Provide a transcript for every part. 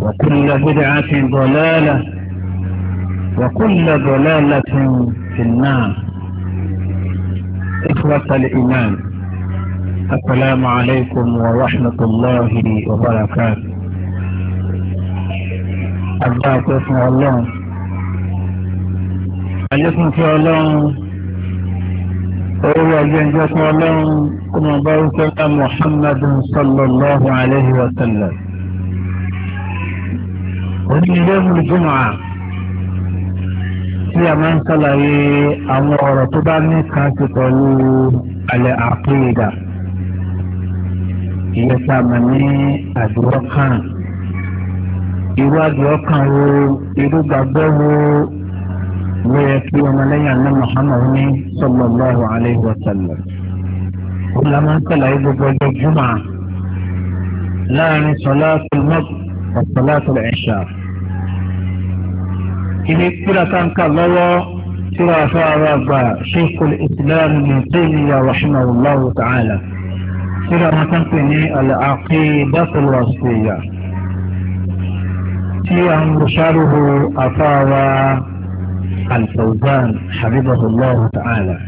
وكل بدعة ضلالة وكل ضلالة في النار إخوة الإيمان السلام عليكم ورحمة الله وبركاته أرجعك اسم الله الاسم في الله هو جنجة الله كما بارك محمد صلى الله عليه وسلم onílé múlùjúmọ̀ à tí a máa ń ṣàlàyé àwọn ọ̀rọ̀ tó bá ní ká ṣe pẹ̀lú alẹ́ àpéyèdà ìyẹn tá a mọ̀ ní àdúrà kan irú àdúrà kan wo irú gbàgbọ́ wo ló yẹ kí ọmọlẹ́yìn àná Muhammad ní sallallahu alayhi wa sallam ó la máa ń ṣàlàyé gbogbo ọjọ́ jùmọ̀ láàrin sọlá tó mọ́ ọ̀sọ̀lá tó lè ṣáà. إن كل ترى شارب شيخ الإسلام من تيمية رحمه الله تعالى ترى ما تنتني العقيدة الوصية في أن أنشاره أفاوى الفوزان حبيبه الله تعالى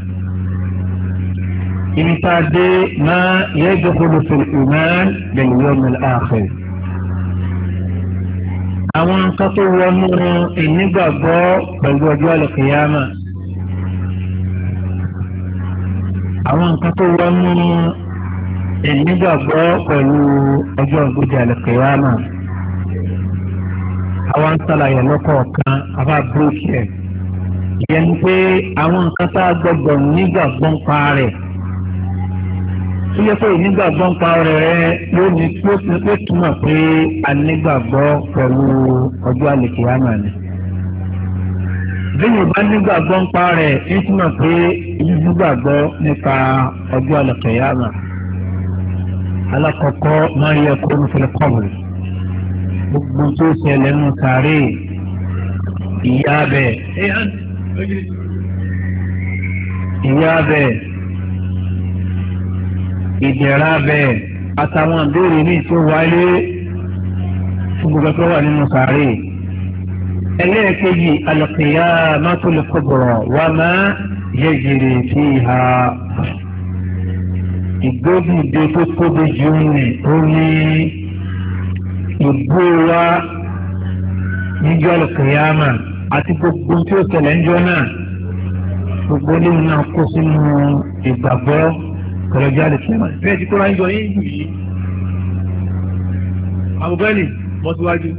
إن تعدي ما يدخل في الإيمان باليوم الآخر àwọn nǹkan tó wọnú ìnígbàgbọ́ pẹ̀lú ọjọ́ àlùkìyàmà àwọn nǹkan tó wọnú ìnígbàgbọ́ pẹ̀lú ọjọ́ ògbójà àlùkìyàmà àwọn ń lọ́kọ̀ọ̀kan àbá bírókì ẹ̀ ìyẹn ni pé àwọn nǹkan tá nígbàgbọ́ ń pa tó yẹ pé ìnígbàgbọ́ ń pa ọ̀rẹ́ rẹ yóò ní pé túmọ̀ pé anígbàgbọ́ pẹ̀lú ọjọ́ àlèkè àmà ni. bẹ́ẹ̀ bá nígbàgbọ́ ń pa rẹ̀ ń túmọ̀ pé ìnígbàgbọ́ nípa ọjọ́ àlèkè àmà. alákọ̀ọ́kọ́ máa yẹ kó ń fẹ́ kọ́ọ̀bù gbogbo tó ṣẹlẹ̀ nù sáré ìyá bẹ̀ ìyá bẹ̀ ìdẹ̀ra bẹ́ẹ̀ àtàwọn àbẹ̀rẹ̀ ní tó wáyé fún gbogbo tó wà nínú sàárè. ẹlẹ́ẹ̀kejì al-qiyāmatul kubrā wa mā yajrī fīhā. ìgbógunde tó tóbi jù ní orí ìbú wa níjọ́ al-qiyāma àti gbogbo tí ó tẹ̀lé ń jọ náà gbogbo nínú náà kó sínú ìgbàgbọ́ kọlọjá lè fẹ́ máa bẹ́ẹ̀ tí kóra ń jọ yín jù yìí àbúgbẹ́lì bọ́síwájú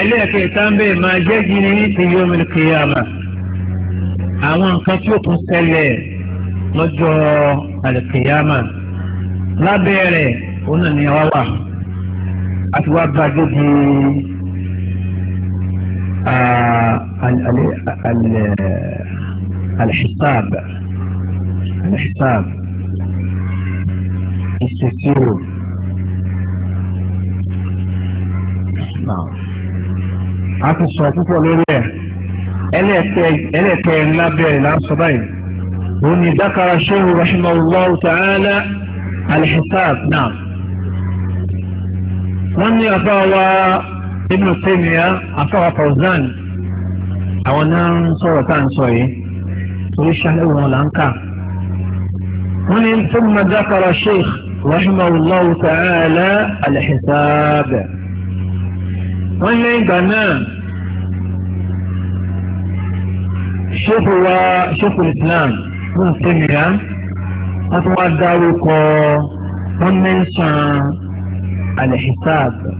ẹlẹ́ẹ̀kẹta ń bẹ́ẹ̀ máa jẹ́ gíní ní ti yóò mìíràn kiri àmà àwọn nǹkan tí ó tún ṣẹlẹ̀ lọ́jọ́ àlẹ́kẹ̀yàmà lábẹ́ rẹ̀ òun náà ni àwa wà àti wá bá débi alẹ́ alẹ́ alẹ́ alẹ́ alẹ́ alẹ́ alẹ́ alẹ́ الاحساب السكور نعم عاكو الصوتوكو الولي اليك يا الناب بيه الان صدين هني ذكر الشيخ رحمه الله تعالى الحساب نعم واني اضاوى ابن تيمية اضاوى فوزان اوانان صورة تان صوي تريش اهل اوان الانكار من ثم ذكر الشيخ رحمه الله تعالى الحساب وإن عندنا الشيخ هو شيخ الإسلام من سمية أتوقع ذلك ومن شان الحساب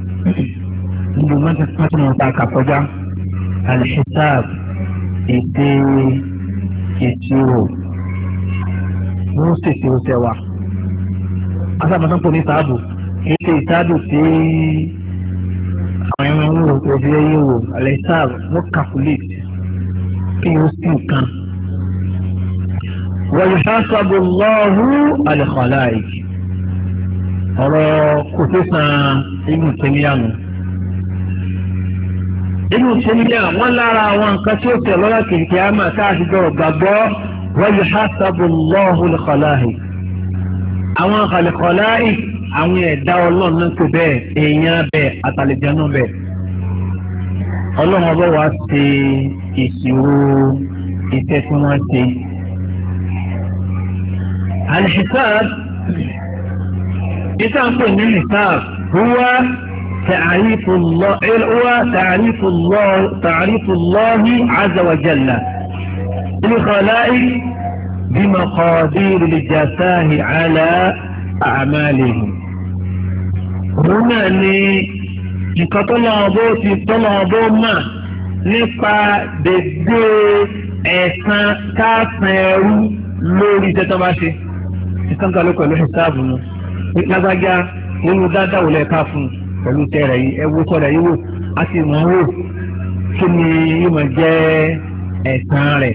عندما من تسمعنا وطاقة فجأة الحساب إتي إتيوب ní ó sì ṣe oṣẹ wa asábàtàn pò ní sáàbù kì í ṣe ìsáàbù tí àwọn ẹran ń wò ojú ẹyẹ wò àlẹ sáàbù ló calculate kí ó sì kan. wọ́n yóò ṣàṣàbò lọ́ọ̀rù àlẹ́kọ̀ọ́lá yìí ọ̀rọ̀ kò tó san inú tẹ́lẹ̀yàmù. inú tẹ́lẹ̀yàmù wọ́n lára àwọn nǹkan tí ó tẹ̀ lọ́la kìkì àmà tá a ti jọ gbàgbọ́ wáyé hásábù lọ́hùn kọláhì àwọn kọláhì àwọn ẹ̀dá ọlọ́run náà tó bẹ́ẹ̀ èèyàn bẹ́ẹ̀ àtàlẹ́jọ́ náà bẹ́ẹ̀ ọlọ́run ọba wa ṣe ìṣirò iṣẹ́ tí wọ́n ṣe. alhisab iṣẹ́ àpò ní hisab huwa ta'arifu Allah huwa ta'arifu Allah ta'arifu Allah azza wa الخلائق بمقادير الجزاء على أعمالهم هنا ni nǹkan tọ́lọ́ọ̀bọ ti tọ́lọ́ọ̀bọ mọ̀ nípa dédé ẹ̀san káàsán ẹrú lórí iṣẹ́ tó bá ṣe ìsàn kan ló pẹ̀lú ìsáàbù mu lágbájá nínú dáadáa wò lẹ́ẹ̀ka fún un pẹ̀lú tẹ̀rẹ̀ yìí ẹ̀wọ́ sọ̀rọ̀ yìí wò á sì mọ̀ wò kí ni yóò máa jẹ́ ẹ̀san rẹ̀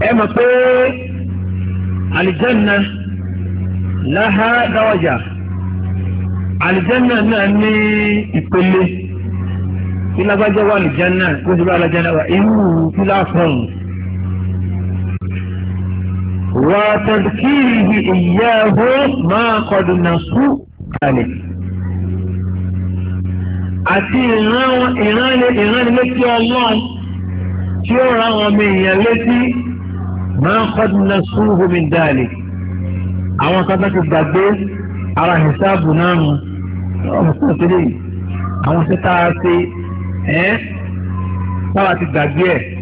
ẹ mọ̀ pé àlìjẹ́nà láhá dáwọ́jà àlìjẹ́nà náà ní ìpele tí lágbájá wà àlìjẹ́nà kó sì bá àlìjẹ́nà wà irú pílàfọ̀mù. وتذكيره إياه ما قد نسوا عليه àti ìran ìran ilé ìran ilé tí ọlọ́run tí ó ra àwọn ọmọ èèyàn létí ما قد نسوه من ذلك أو أتبقى الدبيل على حساب نام المستقلين أو ستعطي طلعت الدبيل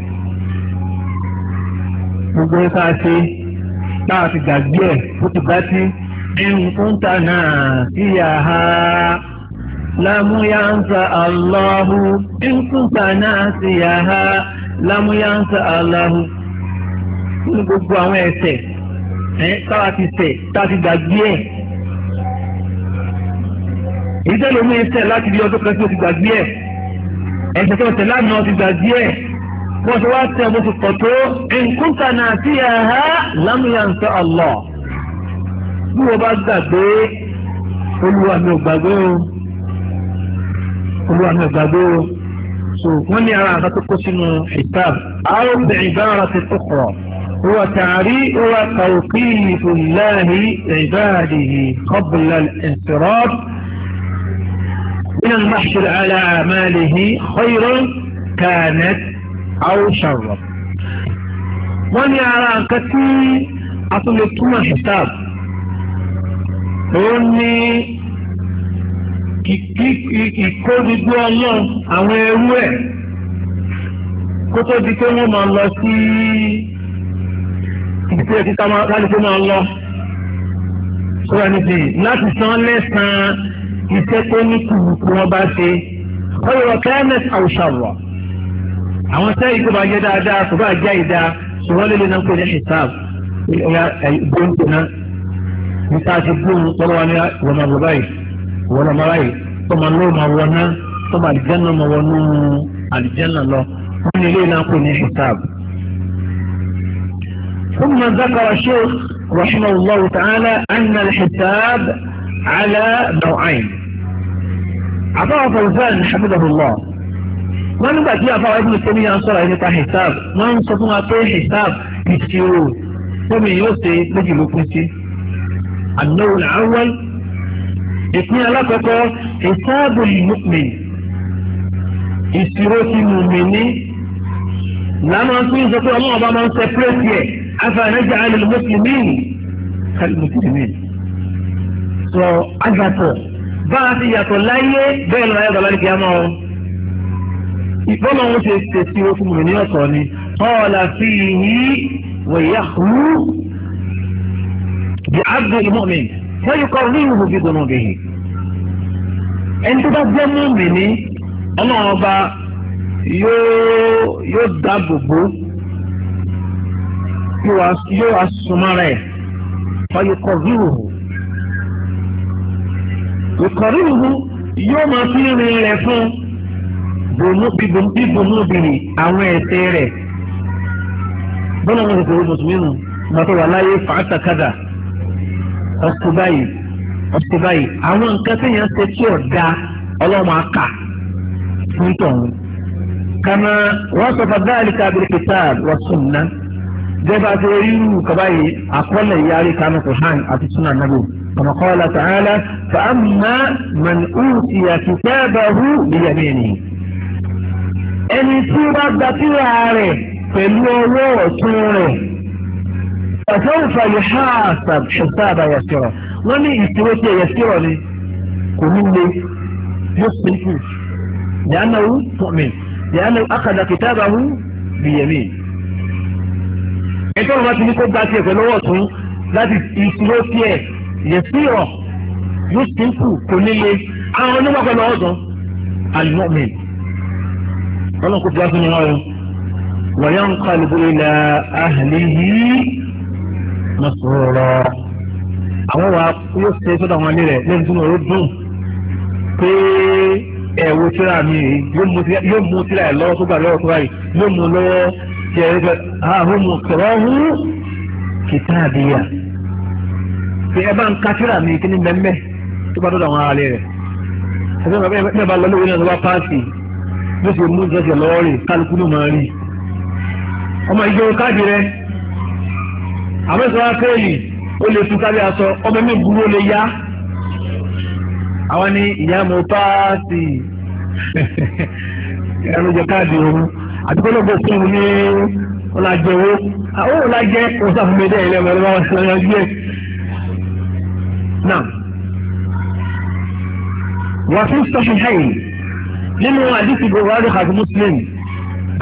وقلت ستعطي طلعت الدبيل فتبتي إن كنت ناسيها لم ينسى الله إن كنت ناسيها لم ينسى الله nínú gbogbo àwọn ẹ̀ṣẹ̀ ẹ táwa ti ṣẹ̀ táwa ti gbàgbé ẹ̀ èyí tẹ́lẹ̀ omi ẹ̀ṣẹ̀ láti di ọdún kan tí o ti gbàgbé ẹ̀ ẹ̀ṣẹ̀ tó ṣẹ̀ lánàá ti gbàgbé ẹ̀ wọ́n ti wá tẹ̀ mo ti pọ̀ tó nkúta náà sí ẹ̀há lámúyànsá Allah bí wọ́n bá gbàgbé olúwa mi ò gbàgbé o olúwa mi ò gbàgbé o so wọ́n ní ara àkàtúkọ́ sínú ìtàb àwọn obìnrin bá ara ti tó kọ̀ ọ́. هو توقيف الله عباده قبل الانفراد من المحشر على عماله خيرا كانت او شرا من يرى كتي اطلقتما حساب توني كيكودي دو الله اوه اوه كتو ديكو ما الله سي ibi tí ẹ ti ká kálukú máa lọ sọ́ra níbi láti san lẹ́sàn-án iṣẹ́ tó ní kùkù wọn bá ṣe ọ̀rọ̀ kẹ́mẹ́sì àwùṣàwọ̀ àwọn sẹ́yìn tó bá jẹ́ dáadáa kò bá jẹ́ ìdá ṣùgbọ́n lílo náà kò ní ṣìṣàb ìyá ìgbóhùn náà nípa ti gbóhùn lọ́wọ́ ní wọn máa wọ wọn máa báyìí tó máa lóò máa wọ náà tó máa àlìjẹ́nà máa wọnú àlìjẹ́nà lọ wọn ní ilé náà kò ní ṣìṣàb. ثم ذكر الشيخ رحمه الله تعالى أن الحساب على نوعين عطاء فوزان حفظه الله ما نبقى تيه عطاء ابن السمية أنصر أن يتعى حساب ما نستطيع أطيع حساب يسيرون ثم يوسي لجي لكوسي النوع الأول اثنين لقطة حساب المؤمن يسيرون المؤمنين لا ما نستطيع أن الله ما نستطيع أفنجعل المسلمين كالمسلمين so agbàtọ̀ bá a ti yàtọ̀ láyé bẹ́ẹ̀ lọ́wọ́ ẹ̀dọ̀ lálẹ́ kìá máa ìbọ́nà wọn ṣe tètè owó fún mi ní ọ̀tọ̀ ni ọ̀la fi yí wẹ̀yà hù bí abdul ilmọ̀mí wọ́n kọ́ ní ìhùwù bí gbọ́nà bẹ́ẹ̀ ẹni tó bá jẹ́ mọ́mí ni ọlọ́run ọba yóò yóò dáàbò bò yóò wá súnmọ́ rẹ̀ ọ̀yọ̀kọ̀ ríhù ọ̀yọ̀kọ̀ ríhù yóò máa fi rin rẹ̀ fún bòmú bíbòmú obìnrin àwọn ẹ̀sẹ̀ rẹ̀ bọ́lá wọn kò ma mùsùlùmí nù màtó wà láyé fàátàkàdà ọ̀sùn da kama jẹba ti كباي أقول kaba yìí àkọọ́lẹ̀ yàrá kanu Qur'an àti sunna nabi kama qala ta'ala fa amma man utiya kitabahu bi yaminihi. ẹni tí ó bá gba tírà rẹ̀ pẹ̀lú ọwọ́ ọ̀tún rẹ̀ ọ̀sán ìfàlẹ̀ ṣáàṣà ṣùgbọ́n yasira wọ́n ní ìṣòro tí ẹ̀yẹ sírọ̀ ni kò ní le yóò pín yàrá náà wù fọ́ọ̀mì yàrá náà akàdà kìtàbà wù bìyẹ̀mí ẹni tó lọ́wọ́ ti ní kó gba tiẹ̀ pẹ̀lú ọwọ́ tún láti ìṣúró tiẹ̀ yẹ sí ọ̀ yóò sínkù kò nílé àwọn onímọ̀ pẹ̀lú ọwọ́ tún alimọ́mìn ọlọ́run kò fi wá sínú ọ̀run wọ̀nyá ń kọ́ àlùkò ilẹ̀ ahàlẹ́ yìí mọ̀sọ̀rọ̀ àwọn wa yóò ṣe sọ́dọ̀ àwọn alẹ́ rẹ̀ lẹ́nu tó ń rò dùn pé ẹ̀wò tíra mi yóò mú tíra ẹ̀ lọ́wọ́ tó gbà lọ́wọ́ tó báyìí yóò mú lọ́wọ́ ṣe ahun mùsùlùmù kìtàbíyà ṣe ẹ bá ń ka tírà mi kí ni bẹ́ẹ̀ tó bá dọ́dọ̀ àwọn ará rẹ̀ ẹgbẹ́ bàbá yẹn bẹ́ẹ̀ bá lọ lórí náà tó bá páàsì ló ṣe mú ìjọsẹ̀ lọ́wọ́ rè kálukú ló máa rí ọmọ ìjọ káàdì rẹ àwọn mo páàsì ẹ̀rọ jẹ káàdì òun. àdúgbòlógbò fún un ní ọ̀làjẹ owó àwọn ọ̀làjẹ kò sáfùmẹ́dẹ́ ilẹ̀ ọ̀rọ̀ bá wọn ṣẹlẹ̀ ọjọ́ ẹ̀ náà. wọ́n fi sọ́sùn hẹ́yìn nínú àdìsí buhari àti muslim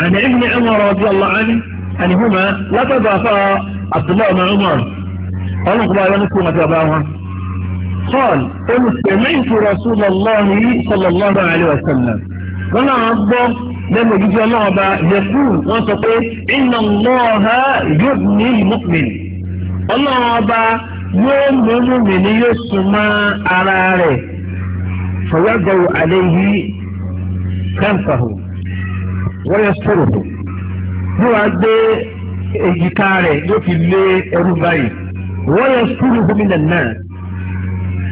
àti ibn umar radi Allahu anhu àníhùmá látọ̀dọ̀ afọ́ abdullahi ọmọ umar ọlọ́kùnrin ayọ́ ní kúrò àti bàbá wọn. قال قلت سمعت رسول الله صلى الله عليه وسلم قال عبد lẹ́nu òjijì ọlọ́wọ́ bá yẹ̀kú wọ́n sọ pé iná lọ́ọ̀ha yóò ní ìmọ̀pìn ọlọ́wọ́ bá yóò múlù ni yóò sùn mọ́ ara rẹ̀ fọwọ́gbọ̀wọ́ alẹ́ yìí kẹ́ǹfàhù wọ́n yẹ sọ̀rọ̀ bí gbé èjìká rẹ̀ yóò fi lé ẹrú báyìí sọ̀rọ̀ gómìnà náà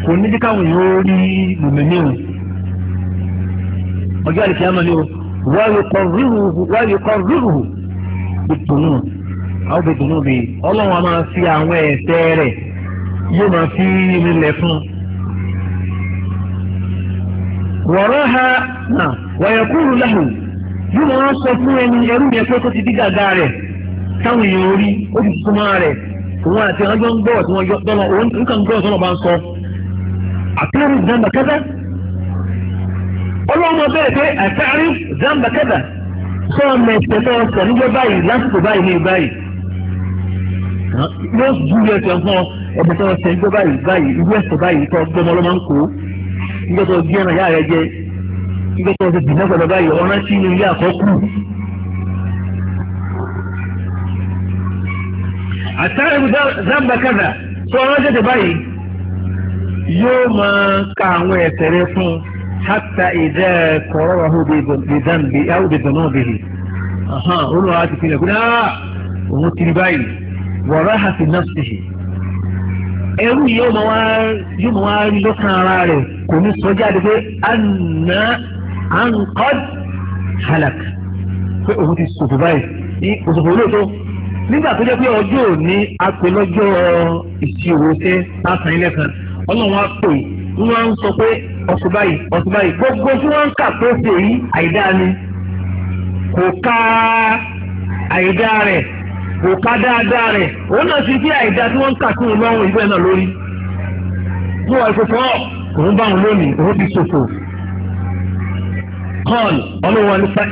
kò ní bí káwọn yóò rí ọjọ́ àdìsí o. wáyùkọ̀rùrù ìtùnú àwọn ìtùnú bi ọlọ́run a máa fi àwọn ẹ̀ṣẹ̀ rẹ̀ yóò fi rinlẹ̀ fún un. ha na wàyẹ̀kúrú lẹ́hùn yóò máa sọ fún ẹni ẹrú yẹn ti di gàgà rẹ̀ táwọn èèyàn orí ó ọlọ́mọ bẹ́ẹ̀ pé àtàrí zamba kẹ́dà sọ ọmọ ẹ̀sẹ̀ tó ń sọ níjọ́ báyìí lásìkò báyìí ní báyìí yóò ju ẹsẹ̀ fún ọ ẹ̀sẹ̀ tó ń sọ níjọ́ báyìí báyìí ìlú ẹ̀sẹ̀ báyìí tó gbọmọ ọlọ́mọ ń kó níjọ́ tó gbé ẹran yá jẹ níjọ́ tó ti dìbò gbọdọ̀ báyìí ọ̀rán sí ilé àkọ́kù. àtàrí zamba sọ ọ̀rán حتى إذا قرره بذنب أو بذنوبه أها قولوا هاتي فينا يقول آه ومتني وراها في نفسه ẹrú yóò mọ wá yóò mọ wá rí lọ́kàn ara rẹ̀ kò ní sọ jáde pé anna ankod halak pé òun ti sòfò báyìí ní òsòfò olóòótọ́ nígbà tó jẹ́ pé ọjọ́ òní apè ìṣirò ṣe pàṣẹ ilẹ̀ kan ọlọ́run á pè ni wọ́n ń sọ pé ọ̀sùn gbogbo tí wọ́n ń kà pé ṣe àìdá ni kò ká àìdá rẹ̀ kò ká dáadáa rẹ̀ òun náà ti fi àìdá tí wọ́n ń kà sí òun lọ́rùn ìgbẹ́ náà lórí. bí wọ́n òun bá lónìí òun ti ṣòfò. nípa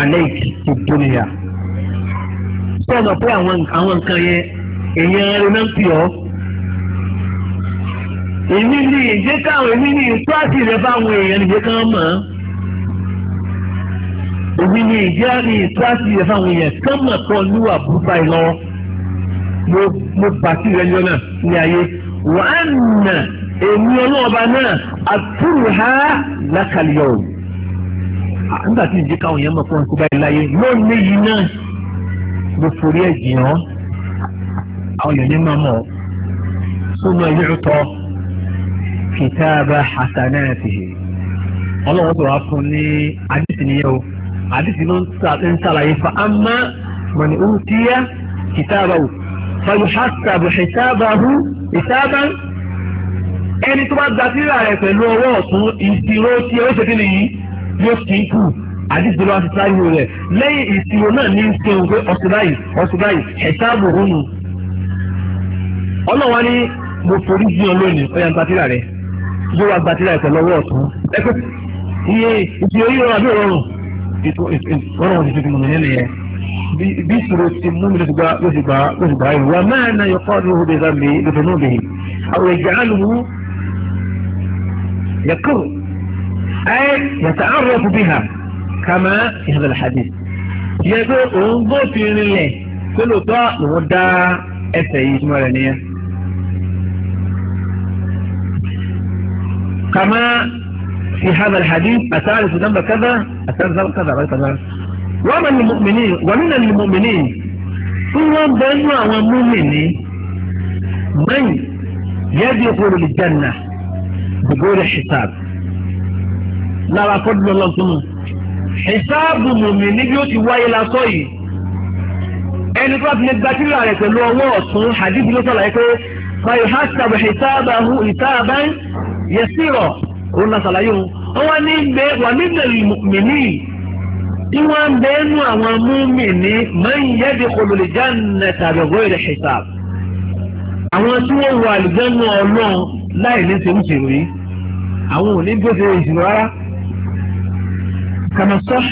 ẹ̀mí ha ìkìtì sọ̀rọ̀ pé àwọn nǹkan yẹn èèyàn ẹ̀rọ náà ń pè ọ́. èmi ní ìjẹ́ káwọn èmi ní ìtúwàsí rẹ fáwọn èèyàn ìjẹ́ kan mọ̀ ọ́. èmi ní ìjẹ́ ní ìtúwàsí rẹ fáwọn èèyàn kán mọ̀ pọ̀ níwà búrúkú àìlọ́ mo mo pàṣẹ rẹ yọ náà ní ayé wàá nà èmi ọlọ́ọ̀ba náà àtúrùhá lákàlẹ́ ọ̀ nígbà tí ìjẹ́ káwọn èèyàn mọ̀ pọ̀ nípa ìláyé lónìí yìí náà mo forí ẹ̀ jìn án àwọn èèyàn ní màmá sọmọ yóò tọ́ kìtàbà hasanatihi ọlọ́run tó wá fún ní àdìsí nìyẹn o àdìsí ló ń sàlàyé fa amma mọ̀nì ń ẹni tó bá gba síra rẹ̀ pẹ̀lú ọwọ́ ọ̀tún ìṣirò tí ó ṣe kí nìyí yóò ti kù àdìsí ló wá ti sáyé rẹ̀ lẹ́yìn ìṣirò náà ní sẹ́wọ̀n pé ọ̀sùn báyìí ọ̀sùn báyìí ẹ̀ta àbòrò nù. ọlọ́wọ́n ní mo forí sí ọ lónìí ọ̀yà gbàtíra rẹ̀ yóò wá gbàtíra rẹ̀ pẹ̀lú ọwọ́ ọ̀tún. ẹ pé iye ìṣirò yìí rọrùn àbí rọrùn rọrùn ti tuntun nìyẹn nìyẹn bí ìṣòro ti mú mi ló gbà á wà máa na yọkọ́ ní òhun bẹ́ẹ̀ mi lọ́dọ̀ náà bẹ́ẹ̀ àwọn ìjà àlùmú yẹkọ́ ẹ yàtọ̀ àrùn ọ̀kùnrin hàn. كما في هذا الحديث يقول انظر في الله كل طاء ودا اسي مرنية كما في هذا الحديث أثالث ذنب كذا أثالث ذنب كذا كذا ومن المؤمنين ومن المؤمنين هو بنوا ومؤمنين من يدخل للجنة بقول الحساب لا لا فضل الله سبحانه ìsáàbù mùmí níbi ó ti wáyé lásọ yìí ẹni tó bá fi lè gba tírà rẹ̀ pẹ̀lú ọwọ́ ọ̀tún hadith ló sọ̀rọ̀ pé fàyè hashtag ìsáàbù ìsáàbù yẹsìrọ̀ òun náà ṣàlàyé òun wọ́n wá ní gbé wà nílẹ̀ mùmí ní tí wọ́n ń bẹ nú àwọn múmi ní man yadkhulul jannata bi ghayri hisab àwọn tí wọ́n wọ àlùjànnú ọlọ́run láì ní sèmùsèmù àwọn ò ní gbèsè ìṣirò rárá. كما صح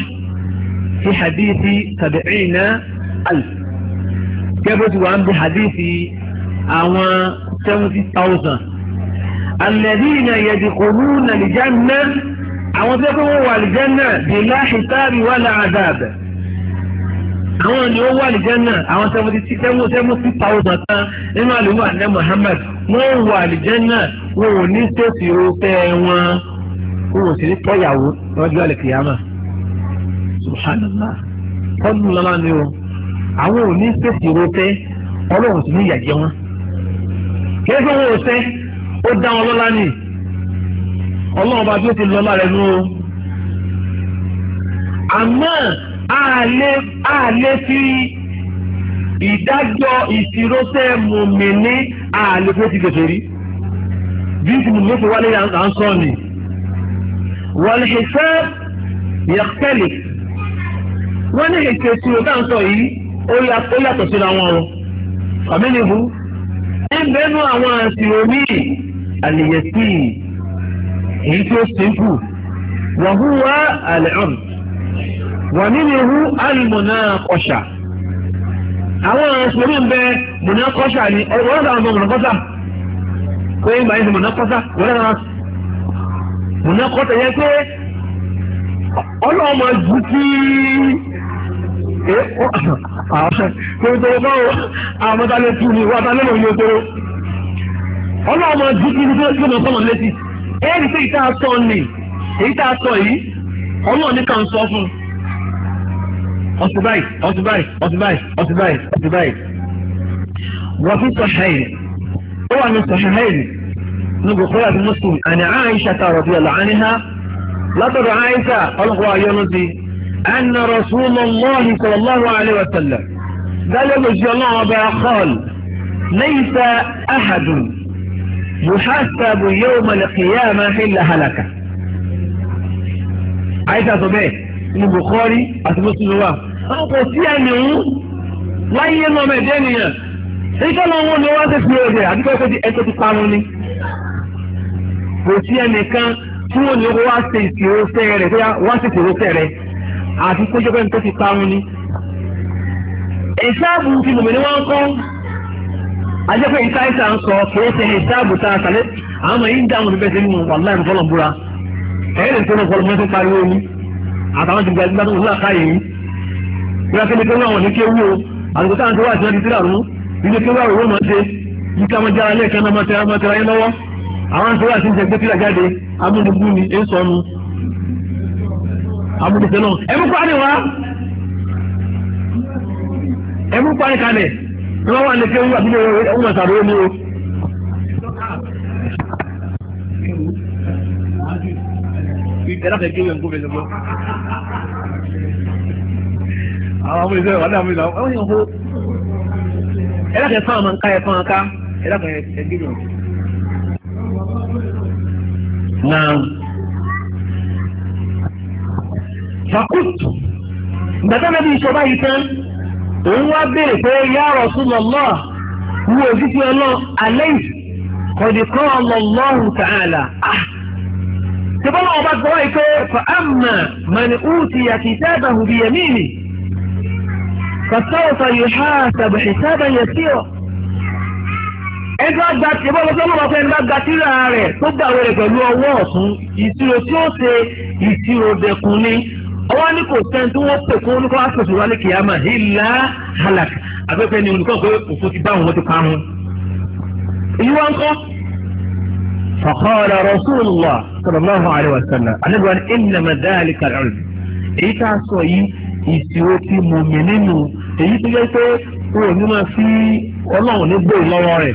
في حديث سبعين ألف كبت وعن بحديث أوان سبعين أوزن الذين يدخلون الجنة أوان تقوموا الجنة بلا حساب ولا عذاب àwọn ni ó wà ní jẹ́nà àwọn seventy seven seventy thousand kan nínú àlùmọ́ àdé Muhammad wọ́n wà ní wọn ò ní sèṣì ó fẹ́ wọn wọn ò sì ní tọ́yàwó lọ́jọ́ àlèkìyàmà subhanallah kọ́dún lọ́la ni o àwọn ò ní fèsì rotẹ́ ọlọ́run sì ní ìyàjẹ́ wọn kìí fún wọn ò sẹ́ ó dá wọn lọ́la ni ọlọ́run bá bí ti lọ́la rẹ̀ nú o àmọ́ àlè fi ìdájọ́ ìṣirọ́sẹ́ mùmíní àlè fún ti gẹ̀gẹ̀ rí bí ìsìn mùmíní ti wálé à ń sọ nìyí. والحساب يختلف wọ́n ní ètò ìṣirò náà sọ yìí ó yàtọ̀ síra wọn o àmínìbù ẹgbẹ́nu àwọn àṣìrò míì àlìyẹ̀sí èyí tí ó ṣẹ́kù wàhúwá àlẹ́hàn wàmínìbù àlùmọ̀nà kọ̀ṣà àwọn àṣìrò ń bẹ mọ̀nà kọ̀ṣà ni ọ̀rọ̀ àwọn ọmọ mọ̀nà kọ̀ṣà pé ìgbà yìí mọ̀nà kọ̀ṣà wọ́n náà mùnàkọ́tà yẹn pé ọlọ́run máa ju kí tòótòó báwo àwọn ọmọdé tu ni wọ́n atalẹ́ lòun yóò tóró ọlọ́run máa ju kí ní tó tó sọ̀rọ̀ létí ẹ̀rí pé ìta sọ ni èyí sọ yìí ọlọ́run ní kàn sọ fún un ọtí báyìí ọtí báyìí wọ́n fi sọ ṣẹ́yìn ó wà ní sọ ṣẹ́yìn. نبخل أبي مسلم عن عائشة رضي الله عنها لطر عائشة ألغوا ينزي أن رسول الله صلى الله عليه وسلم قال له الله قال ليس أحد يحسب يوم القيامة إلا هلكة عائشة صبيح نبخاري أتمسل الله أقصي أنه láyé mọ́mẹ́dẹ́nìyàn ìṣẹ́lọ́wọ́ ni wọ́n ti fi òde àdúgbò ẹ̀kọ́ ti kò sí ẹnìkan tí wọ́n ní wá ṣe ìṣòro fẹ́ rẹ̀ bóyá wá ṣe ìṣòro fẹ́ àti kó jẹ́ tó ti parun ni. ìṣáàbù ni wọ́n kọ́ ajẹ́pẹ́ sọ ṣe ìṣáàbù ta àwọn ọmọ yìí ń dáhùn wàhálà búra tó pariwo ni àtàwọn ti gbàgbé àwọn sọ́ra ti ń jẹ́ gbẹ́kílà jáde amúnigbú ni é sọnù amúnigbú náà ẹ̀mú parí wa ẹ̀mú parí kalẹ̀ ní wọ́n wà ní kéwú àbílẹ̀ ọmọ sàrò ní o. àwọn amúnigbú náà wà ní amúnigbú náà wọ́n yàn kó ẹ̀dá kẹfà máa ń ká ẹ̀fọn ká ẹ̀dá kẹfà ẹ̀gbẹ́ náà náà fàkùtù gbàtà nàbí ìṣọba yìí tán òun wá béèrè pé yá Rasulullah wo òfìsí ọlọ́ alẹ́ kọ̀dìkọ́ Allahu ta'ala ah. tibọ́lá ọba gbọ́ ìpè fa'amma man utiya kitabahu biyamini fasawfa yuhasabu hisaban yasira ẹni tó gba tí ìbọn lọ́sọ́ lọ́wọ́ fẹ́ ẹni bá gba tíra rẹ̀ tó gbàwé rẹ̀ pẹ̀lú ọwọ́ ọ̀tún ìṣirò tí ó ṣe ìṣirò dẹkùn ni ọwọ́ ní kò sẹ́ni tí wọ́n pè fún olùkọ́ àṣọṣù wa ní kìyàmà ìlà halak afẹ́fẹ́ ni olùkọ́ pé òfin ti bá wọn ti parun. èyí wá ń kọ́. èyí wọn ò ní máa fi ọlọ́run ní gbòòrò lọ́wọ́ rẹ̀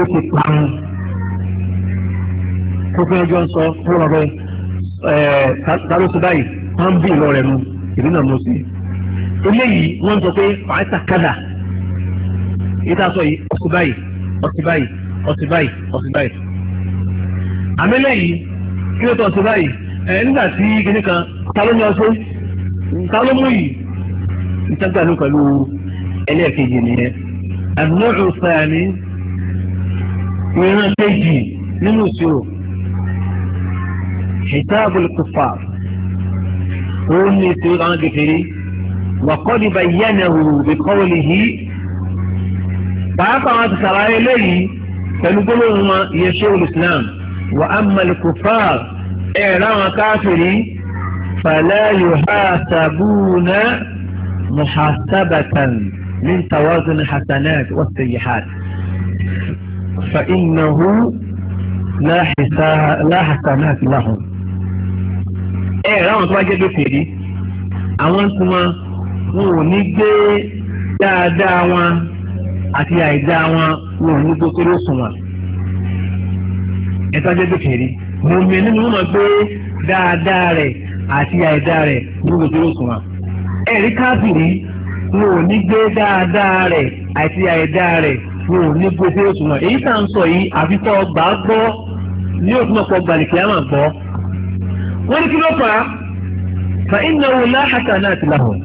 ó ti parun kókó ẹjọ́ ń sọ fún ọ̀rọ̀ ẹ̀ ta ló sọ báyìí wọ́n ń bí ìlọ rẹ̀ mu ìlú náà mo sí eléyìí wọ́n ń sọ pé fàáta kádà ìta sọ yìí ọtí báyìí ọtí báyìí ọtí báyìí ọtí báyìí àmẹ́lẹ̀ yìí kí ló tọ́ ọtí báyìí ẹ̀ nígbà tí kinní kan ta ló ní ọtí ta ló mú yìí ìtajà ló pẹ̀lú ẹlẹ́ẹ̀kejì nìyẹn àdúrà ọ̀sán ni ìran kejì nínú ìṣirò hitabul kufar òun ní ìṣirò àwọn kékeré wàkọ́ni bayyanahu bi qawlihi pàápàá wọn ti sàlàyé lẹ́yìn pẹ̀lú gbólóhùn wọn ìyẹn shaykhul islam wa ammal kufar ẹ̀rọ àwọn káfìrí fala yuhasabuna muhasabatan min tawazun hasanat wa sayyihat. فإنه لا حسنات لهم ẹ̀rọ àwọn tó bá jẹ́ gbèsèrè àwọn tí wọn wọn ò ní gbé dáadáa wọn àti àìdáa wọn wọn ò ní gbé kóró sùn wọn ẹ̀tọ́ jẹ́ gbèsèrè mọ̀mí nínú wọn gbé dáadáa rẹ̀ àti àìdáa rẹ̀ ní gbé kóró sùn wọn ẹ̀rí wọn ò ní gbé wọn ò ní gbogbo òṣùwọ̀n èyí tá à ń sọ yìí àfi tó ọgbà gbọ́ ní òṣùwọ̀n pọ̀ gbàlìkì àmà gbọ́. wọ́n ní kí ló fà á fa iná láhàtà náà ti làwọn.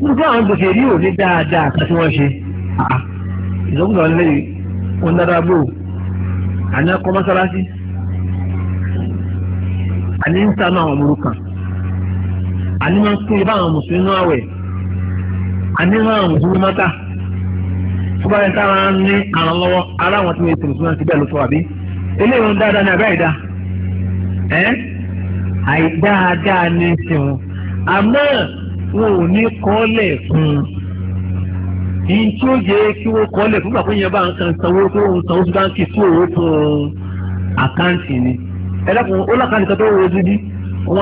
wọ́n fún àwọn gbèsè rí òní dáadáa àti wọ́n ṣe. ìdókòtò ọ̀lẹ́ yìí wọ́n dára bò àní mọ́sálásí àní ń sanu àwọn ọmọ orúkàn tó bá yẹ táwọn ní àrùn lọ́wọ́ ara àwọn tí wọ́n ti mùsùlùmí àti bẹ́ẹ̀ ló sọ àbí eléyìí wọn dáadáa ní àìdá àìdáadáa ní àmọ́ wọn ò ní kọ́lẹ̀ un yìí tí ó yẹ kí wọ́n kọ́lẹ̀ fún bàbá yẹn bá ń kan sanwó tó ń sanwó sí báńkì tí òun fún un àkáǹtì ni ẹ dákun ó lákàtí kan tó ojú bí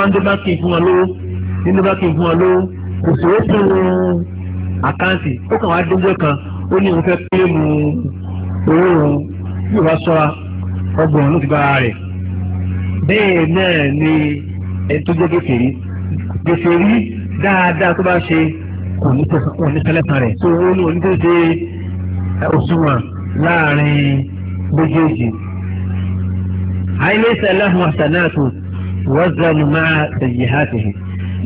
ń dé báńkì fún wọn lówó ó ní òun fẹ́ pé mu owó òun yóò bá sọ́ra ọgbọ̀n ló ti bá ara rẹ̀ bẹ́ẹ̀ náà ni ẹni tó jẹ́ gbèsè rí gbèsè rí dáadáa tó bá ṣe kò ní tẹ́lẹ̀tàn rẹ̀ tó ó ní oníṣẹ́ òṣùwọ̀n láàrin méjèèjì. àìlèsè lẹ́hùn àṣànáàtò wọ́zẹ̀lù máa tẹ̀yẹ̀ ha tẹ̀yẹ̀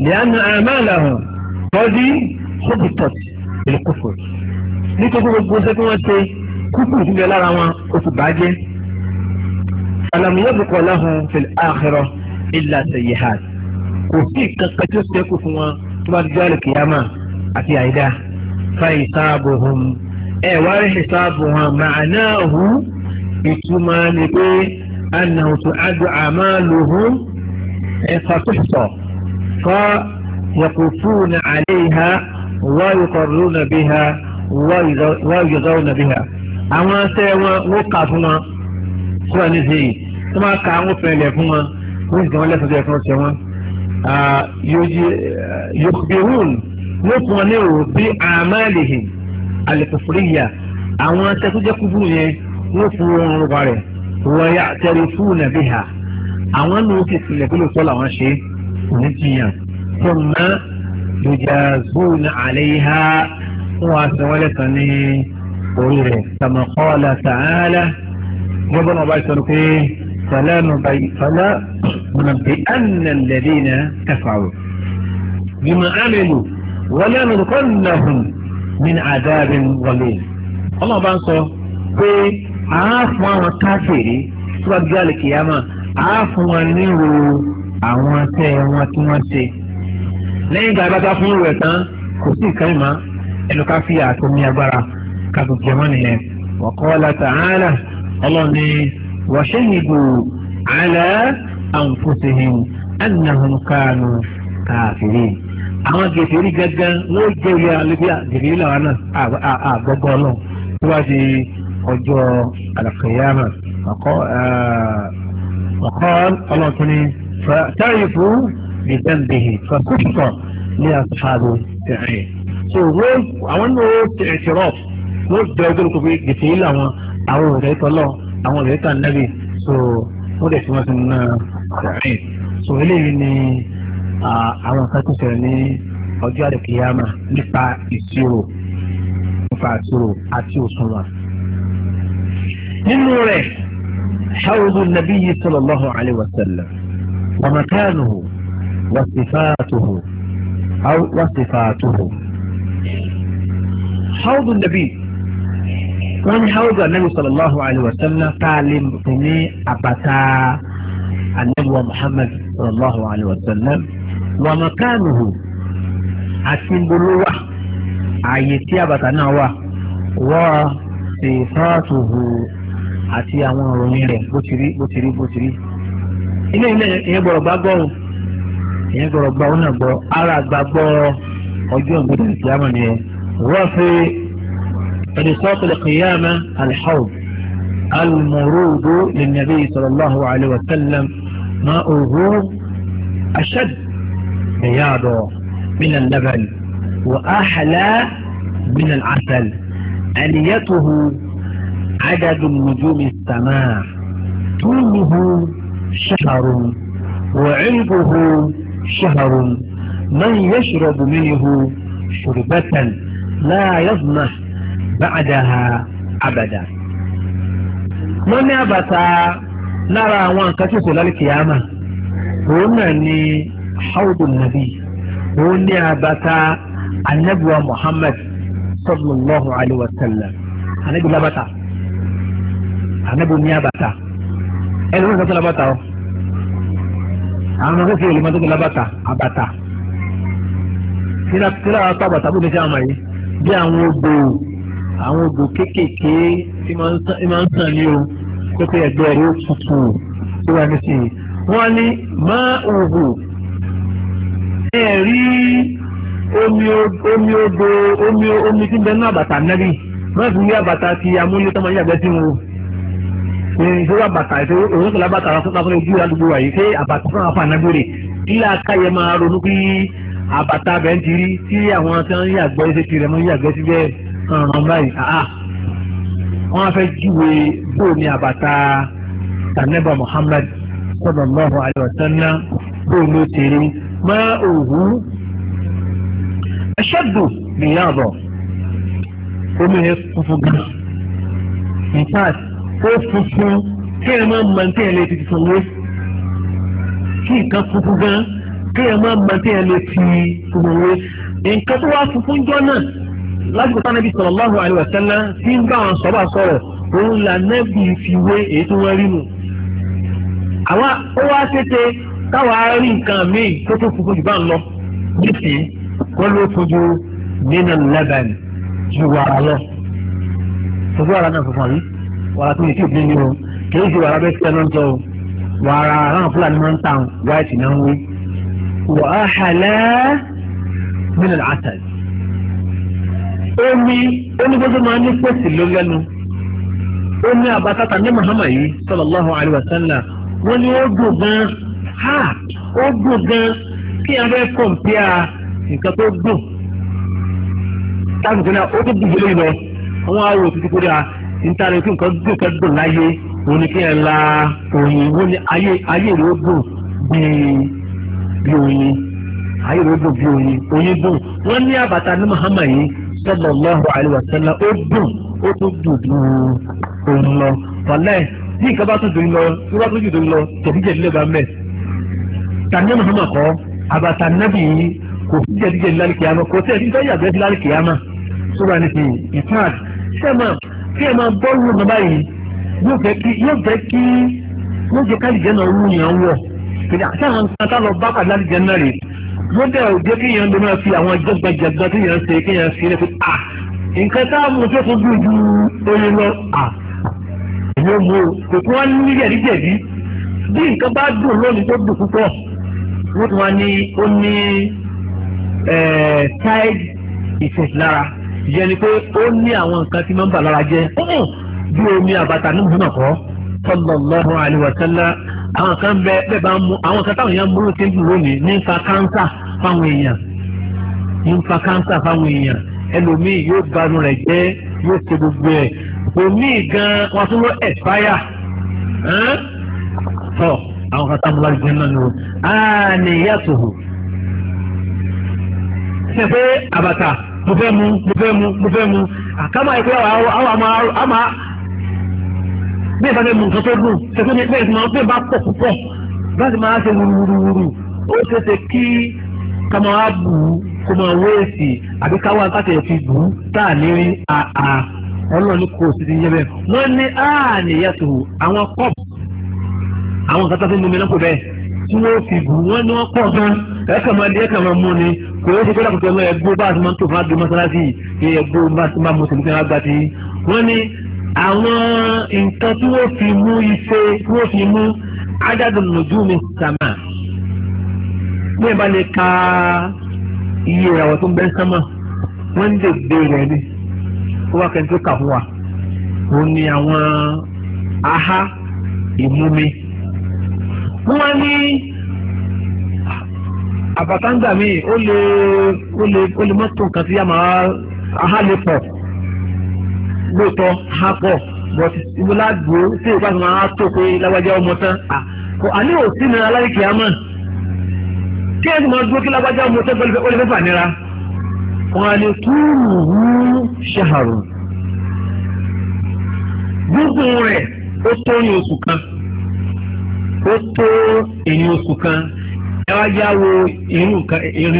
lẹ́yìn àmàlà hàn tọ́jú ṣókùtọ̀ ìlú kòkòrò nítorí gbogbo ṣẹ́ tí wọ́n ṣe kúkú ìdílé lára wọn ó ti bàjẹ́. alam yabqa lahum fil akhirah illa sayyihat kò sí kankan tí ó ṣẹ́kù fún wọn tó bá dijọ́ àlè kìyàmà àti àìdá fa hisabuhum ẹ̀ wá rí hisabuhum ma'anahu ìtumọ̀ ni pé أنه تعد أعمالهم فتحصى فيقفون عليها ويقرون بها wọ́n yọ̀dọ̀ ònàbí ha àwọn ṣẹ́ wọn wọ́n kà fún wọn kó ẹni ṣe yìí tó máa ka àwọn òfin ẹ̀lẹ̀ fún wọn wọ́n sì tẹ̀wọ́n lẹ́sọ̀tẹ̀ fún ọ̀sẹ̀ wọn. yòkùbìrún ló fún wọn ní òwò bí àmàlìhìn àlẹ́kùfúríyà àwọn ṣẹ́ jẹ́ kúkúrú yẹn wọ́n fún wọn rọ̀bà rẹ̀ wọ́n yà tẹ̀rẹ̀ fún ònàbí ha àwọn ní oṣù tilẹ̀ tó lè sọ́ làwọn ṣe òní jiyàn tó ná yòjàzún àlẹ́ yìí fún wa ṣe wọ́n lẹ́sàn ní orí rẹ̀ kama qala ta'ala gbọ́dọ̀ náà bá ṣe pé fala nunabbi'anna alladhina kafaru bima 'amilu wala nudkhilnahum min 'adhabin ghalil ọlọ́run bá ń sọ pé a fún àwọn káfíìrì tí wọ́n gbé àlùkìyàmà a fún wọn nírò àwọn tẹ́ wọn tí wọ́n ṣe lẹ́yìn ìgbà bá ta fún ìwẹ̀ tán kò sí ìkànnì ẹlòká fi àtò ní agbára kàtó jẹmọ́ nìyẹn wa qala ta'ala ọlọ́ni wa shahidu ala anfusihim annahum kanu kafirin àwọn gẹ̀ẹ́sì gángan wọ́n jẹ́ ìyá alẹ́bíà gẹ̀ẹ́sì làwọn náà àgbọ̀gbọ̀ náà tó bá di ọjọ́ àlàkèyàmà ọ̀kọ́ ọlọ́kùnrin تعرف بذنبه فسحقا لأصحاب السعير so wọ́n àwọn náà ó tẹ̀sírọ̀ wọ́n bẹ ọjọ́ kò fi gèsè yìí làwọn àwọn ọ̀rẹ́ tọ́lọ̀ àwọn ọ̀rẹ́ tà nẹ́bì so wọ́n dẹ̀ tí wọ́n ti ń ná ọ̀rẹ́ so eléyìí ni àwọn nǹkan tó ṣẹlẹ̀ ní ọjọ́ àdìkìyàmà nípa ìṣirò nípa ìṣirò àti òṣùwọ̀n. nínú rẹ̀ hawlu nabiyyi sallallahu alayhi wa sallam wa makanuhu wa sifatuhu aw wa Haudu النبي wọ́n ní haudu anabi sallallahu alayhi wa sallam taali ní abata anabi wa muhammad sallallahu alayhi wa sallam wa makaanuhu àti bolowa ààyè abata naa wa wọ́ sifaatuhu àti àwọn òròyìn rẹ̀ bó ti rí bó ti rí bó ti rí. ilé ilé ìyẹn gbọ́dọ̀ gbá gbọ́ ìyẹn gbọ́dọ̀ ara gbà gbọ́ ọjọ́ ìgbọ́dọ̀ القيامة وفي ẹ القيامة الحوض المرود للنبي صلى الله عليه وسلم ماؤه أشد بياضا من اللبن وأحلى من العسل أليته عدد نجوم السماء طوله شهر وعلبه شهر من يشرب منه شربة لا يظمأ بعدها أبدا wọ́n ní àbàtà lára àwọn nǹkan tó kò lálùkìyàmà òun náà ni haudu nabi òun ní àbàtà anabiwa muhammad sallallahu alayhi wa sallam anabi labata anabi ní àbàtà ẹni wọ́n sọ fún labata o àwọn ọmọ fún fi olùmọ́tò labata àbàtà kíra pàbà tàbí oníṣẹ́ àmà yìí bí àwọn odò àwọn odò kéékèèké tí máa ń sàn ní o tó pé ẹgbẹ́ rẹ̀ ó tutù tó wà nísìnyí. wọ́n ní máa òhù ẹ̀ rí omi odò omi omi tí ń bẹ ní àbàtà nẹ́bí máa fi yí àbàtà ti amúlé tó máa ń yàgbẹ́ sí wọn o ìṣòro àbàtà ìṣòro òun kò lábàtà lásán lásán ojú àdúgbò wà yìí ṣé àbàtà fún àwọn àfààní àbàtà mm-hmm. bẹ́ẹ̀ ń Tiri rí tí àwọn tí wọ́n ń yàgbẹ́ ṣe ti rẹ̀ mọ́ yàgbẹ́ síbẹ̀ ọ̀ràn báyìí wọ́n á fẹ́ júwe bó ni àbàtà tànẹ́bà Muhammad sallallahu alaihi wasallam bó ló ti rí mọ́ òwú ẹ̀ṣẹ́dù nìyá ọ̀bọ̀ omi rẹ̀ funfun gan in fact ó funfun kí ẹ máa mọ tí ẹ lè ti sanwó kí nǹkan funfun gan kéèyàn máa mọ tí yẹn lè fi wòwe nǹkan tó wá funfun jọ náà lásìkò tí anabi sallallahu alaihi wasallam tí ń bá àwọn sọ́ba sọ̀rọ̀ òun là nẹ́bì fi wé èyí tó wọ́n rí nù. àwa ó wá tètè káwa rí nǹkan míì tó tó funfun jù bá ń lọ nísìnyí wọ́n ló fojú nínú lẹ́bẹ̀n ju wàrà lọ. fojú wàrà náà funfun yìí wàrà tó yẹ kí òbí ni o kì í ju wàrà bẹ́ẹ̀ tẹ́lẹ̀ ń wàrà àwọn fúlàní máa ń tàn wáìtì náà ń wí. وأحلى من العسل omi onígbọ́dọ̀ máa ní pèsè ló lẹ́nu omi àbátátà ní Muhammad yìí sallallahu alayhi wa sallam a fẹ́ kọ̀m̀pìà nǹkan tó dùn táàbùkù náà ó tó dùn jùlọ lọ àwọn arò tuntun kó dáa nítorí kí nǹkan dùn kan o ni ni bí oyin ayéwo dùn bí oyin oyin dùn wọ́n ní àbàtà ní Muhammad yìí sallallahu alaihi wasallam ó dùn ó tún dùn bí oyin lọ wàlẹ́ ní nǹkan bá tún dùn lọ tí wọ́n tún dùn lọ jẹ̀díjẹ̀dí lè ba mẹ́ tani Muhammad kọ́ àbàtà nábì yìí kò sí jẹ̀díjẹ̀dí lálùkì àmọ́ kò sí ẹ̀dí tó yàgbẹ́ sí lálùkì àmọ́ sọ́ba ní ti ìfáàd ṣé máa ṣé máa bọ́ wù mọ́ yóò fẹ́ kí yóò fẹ́ kí yóò fẹ́ ká kìnìún àtàwọn nǹkan tá lọ bá pàdé láti jẹ náà rè wọ́n dẹ̀ ò jẹ́ kéèyàn ló máa fi àwọn jẹgbẹjẹgbẹ kéèyàn ṣe kéèyàn fi lẹ́kọ̀ọ́ à nǹkan tá a mú tó fún dùn ju oyin lọ à èmi ò mú o kò kí wọ́n ní jẹ̀díjẹ̀dí bí nǹkan bá dùn lónìí tó dùn púpọ̀ wọ́n tún wá ní ó ní tide effect lára ìyẹn ni pé ó ní àwọn nǹkan tí máa ń bà lára jẹ́ bí omi àbàtà ní mùsùlùmọ̀ kọ́ sallallahu alaihi wa sallam àwọn kan bẹ bẹ́ẹ̀ bá ń mú àwọn kan táwọn èèyàn múlò tí ń bù lónìí ní nfa kánsà fáwọn èèyàn ní nfa kánsà fáwọn èèyàn ẹlòmíì yóò banu rẹ̀ jẹ́ yóò ṣe gbogbo ẹ̀ òmíì gan wọn tún lọ ẹ̀fáyà tọ àwọn kan táwọn láti jẹun náà ni o àníyàtòhò ṣe pé àbàtà mo fẹ́ mu mo fẹ́ mu mo fẹ́ mu àkàmà ìpè àwọn àmà àmà bí ìbá fẹ́ mú nǹkan tó gùn tẹ̀sán ní pé ìsúná pé bá pọ̀ púpọ̀ láti máa ṣe wúruwúruwúru ó ṣeéṣe kí ká máa bù ú kó máa wé èsì àbí ká wá káṣẹ̀ fi bù ú tá à ní rí àà ọlọ́run ní kò sí ti yẹ bẹ́ẹ̀ wọ́n ní àníyàtò àwọn kọ́ọ̀pù àwọn kan tó fi mú mi lọ́pọ̀ bẹ́ẹ̀ tí wọ́n fi bù wọ́n ní wọ́n pọ̀ gan ẹ̀ka máa di ẹ̀ka máa mú ni kò yẹ kí kọ́lá kòtò ẹ̀gbó bá a ti máa ń tò fún àdó mọ́sálásì ẹ̀gbó bá a ti máa mú tèmi kí wọ́n gbà tí wọ́n ní àwọn nǹkan tí wọ́n fi mú ife tí wọ́n fi mú mi sàmà ní ka iye ìràwọ̀ tó ń bẹ́ sánmà wọ́n ń rẹ̀ ni ó wá kẹ́ni kà ni àwọn aha ìmúmi wọ́n wá ní àbàtàǹgbà mi ó lè ó lè ó aha lè pọ̀. lóòótọ́ á pọ̀ bọ̀tí ìbúlá gbòó tí a tó máa tó pé lágbájá ọmọ tán à kò àlẹ́ ò nira láyé kìámà kí ẹ sì máa dúró kí lágbájá ọmọ tán ó lè fẹ́ nira wọn á lè hú ṣàrò gbogbo rẹ̀ ó tó ní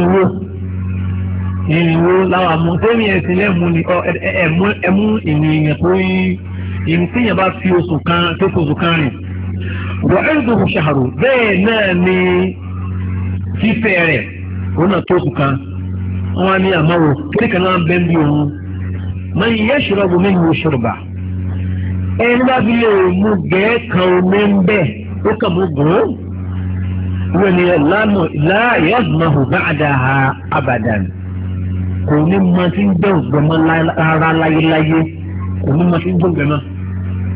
oṣù ìrìnwó láwọn àmú sẹ́yìn ẹ̀sìn lẹ́mú ni ẹ̀mú tó bá fi oṣù kan kan rìn. wọ́n ṣàrò bẹ́ẹ̀ náà ni fífẹ́ rẹ̀ òun náà kan wọ́n á ní àmọ́wò kékeré náà bẹ́ẹ̀ bí òun mọ iye ṣòro mi ní ṣòròbà ẹni bá fi lè mú gẹ́ẹ́ kan omi ń ó mú wọ́n àdáhà kò ní mọ tí ń gbẹ ògbẹmọ rárá láyéláyé kò ní mọ tí ń gbẹ ògbẹmọ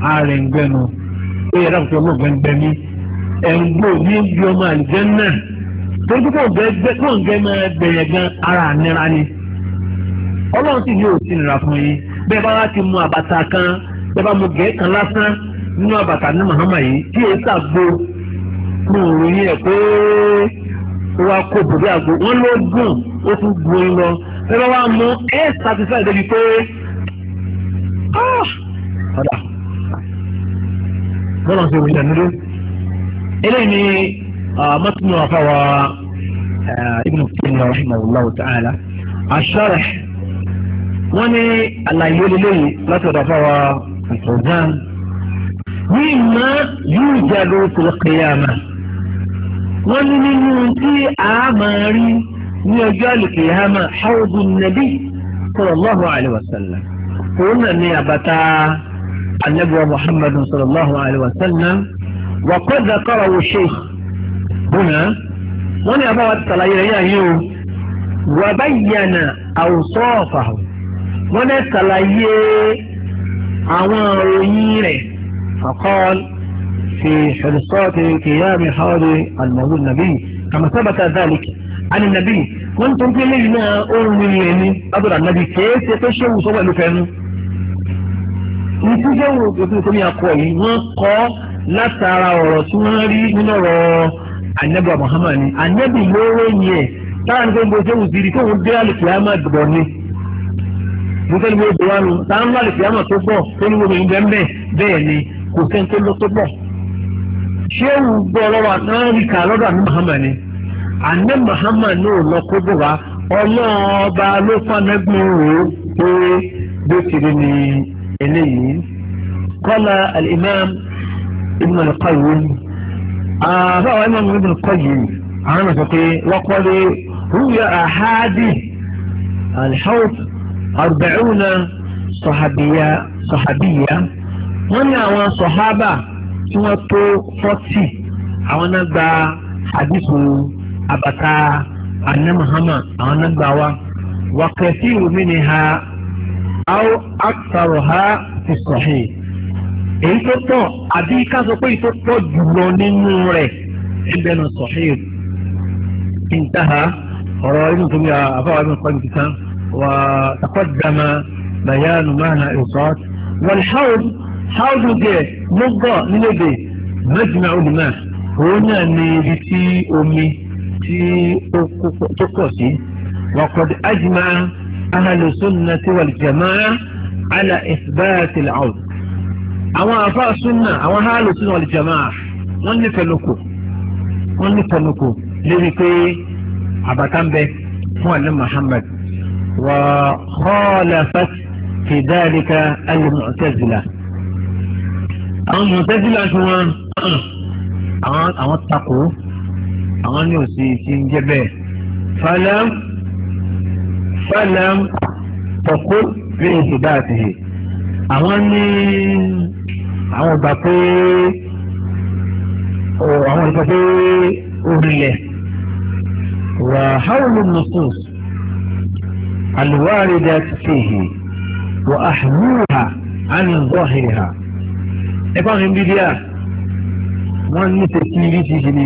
ààrẹ ń gbẹnu ó yẹ dákùtù ọmọ ògbẹ ń gbẹmí ẹ̀ǹgbò ní ibi ọmọ àlùjẹ náà torí pé kò ń gbẹ máa gbẹyẹ gan ara ànira ni ọlọ́run sì ní òsì nira fún yín bẹ́ẹ̀ bá wá ti mu àbàtà kan bẹ́ẹ̀ bá mu gẹ̀ẹ́ kan lásán nínú àbàtà ní mahama yìí tí èyí sàgbo fún òòrùn yẹn pé ó wá kó bòdì àgbo wọn ló gùn ó tún gun lọ ẹ bá wá mú ẹ satisfy débi pé ah! ọ̀dà bọ́lá ṣe wòye dànù dé eléyìí ni mọ́tún náà fáwa ibùdó tẹ̀lé rahimahullah ta'ala aṣọ́rẹ̀ wọ́n ní àlàyé lélẹ́yìí láti ọ̀dà fáwa ìfọ̀zán mímọ́ yóò jáde ó ti wọ́n ní nínú tí a máa rí ní ọjọ́ àlùkìyàmà haudu nabi sallallahu alayhi wa sallam òun náà ní àbàtà anabiwa muhammad sallallahu alayhi wa sallam wà kó zakara wo sheikh bùnà wọn ní àbáwá tàlàyé rẹ yà yín o wà báyìíyànà àwùsọ́ọ̀fà wọn ní tàlàyé àwọn òyìn rẹ fàkọ́ọ̀lù. في حرصات قيام حوض المولود النبي كما ثبت ذلك alẹ́nàbí wọ́n tó ń pè léyìn náà ó ń rin ilẹ̀ ní látọ̀dọ̀ ànábì kìí ṣe pé ṣéwù sọ pẹ̀lú fẹ́nu. ìtú ṣéwù òfin ìkọ́ni akọ yìí wọ́n kọ́ látara ọ̀rọ̀ tí wọ́n rí nínú ọ̀rọ̀ ànábì Muhammad ni ànábì lóró yẹ táwọn ní pé mo ṣéwù sí rí kóun dé àlùkìyàmà dùbọ̀ ni. mo fẹ́ ni mo dùn wánu táwọn ní àlùkìyàmà tó bọ̀ tó ní mo ń bẹ́ẹ̀ bẹ́ẹ̀ ni kò sẹ́ni tó bọ̀ ṣéwù gbọ́ ọlọ́wà náà rí kà lọ́dọ̀ àní Muhammad náà lọ kó bò wá ọlọ́ọ̀ba ló fanẹ́gbọ̀n rò ó pé bó ti rí ni eléyìí. kọ́lá al-imam ibn al-qayyim àbáwọ̀ imam ibn al-qayyim àwọn ọ̀sán pé wọ́n kọ́ lé rúyà àhádì arbacuna sọ̀hàbíyà sọ̀hàbíyà wọ́n ní àwọn sọ̀hábà tí wọ́n tó fọ́tì àwọn náà gba àdìsùn àbàtà àná Muhammad àwọn náà gbà wá wàkẹ́tì omi ni ha àwọn àtàrọ̀ ha ti sọ̀hìn èyí tó pọ̀ àbí ká sọ pé èyí tó pọ̀ jùlọ nínú rẹ̀ ẹgbẹ́ náà sọ̀hìn intaha ọ̀rọ̀ inú tó bí àbáwá inú kọ́ni ti wà taqaddama bayanu mahna ìsọ́t wal haud haud jẹ mọ́gọ́ nílẹ̀ dè mẹ́jìnà òun náà ní ibi tí omi tí ó pọ̀ sí. wàkọ̀dé ajma ahalùsùnà tí wal jamaa ala ìsibáàtì làwọn. àwọn àfáà súnà àwọn ahalùsùnà wal jamaa wọ́n ní fẹnukò wọ́n ní fẹnukò lébi pé àbàtà ń bẹ fún àlẹ́ Muhammad wà khalafat fi dhalika àwọn mu'tazila tí wọ́n àwọn takò àwọn ní òsì ti ń jẹ́ bẹ́ẹ̀ falam falam tọkó bí èsì bá ti yè àwọn ní àwọn gbà pé àwọn ìgbà pé orílẹ̀ wà hàwùlù nusus alùwárídà ti fèhè wà àhùrùhà ànìzọ́hìrìhà ẹ̀fọ́n ní bíbí à wọ́n ní ṣe kí ní ṣíṣe ni.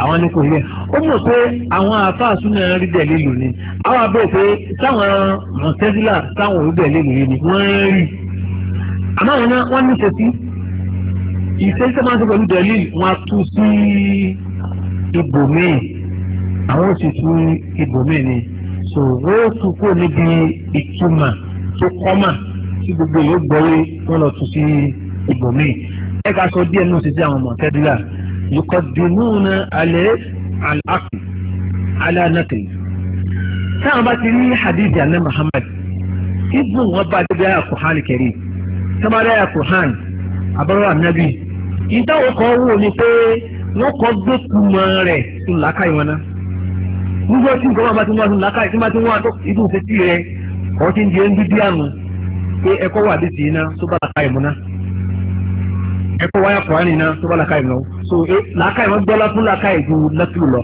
àwọn ní kò yẹ ó mọ̀ pé àwọn àfáàsù náà rí bẹ́ẹ̀ lélu ni àwọn abẹ́ pé táwọn mọ̀tẹ́sílà táwọn rí bẹ́ẹ̀ lélu yìí ni wọ́n rí àmọ́ àwọn náà wọ́n níṣe sí ìṣe tó máa ń sọ pẹ̀lú dẹ̀lí wọn á tú sí ibòmíì àwọn ò sì tú ibòmíì ni so wọ́n ó tú kúrò níbi ìtumà tó kọ́mà tí gbogbo èèyàn gbọ́ wé wọ́n lọ tú sí ibòmíì ẹ̀ka sọ díẹ̀ náà sì sí àwọn mọ̀tẹ́dílà yukọ̀dìmúna alẹ́ alákùn alánàkùn táwọn bá ti rí hadith anna muhammad ibùn wọn bá débi ayà kùhán kẹrì sábàdà ayà kùhán abọ́rọ̀ ànábì ìdáwó kan wò ni pé wọ́n kọ́ gbé kùmọ̀ ẹ̀kọ́ wáyà kùránì náà tó bá làkàì lọ so eh, làkàì wọn gbọ́ látún làkàì ju lẹ́tù lọ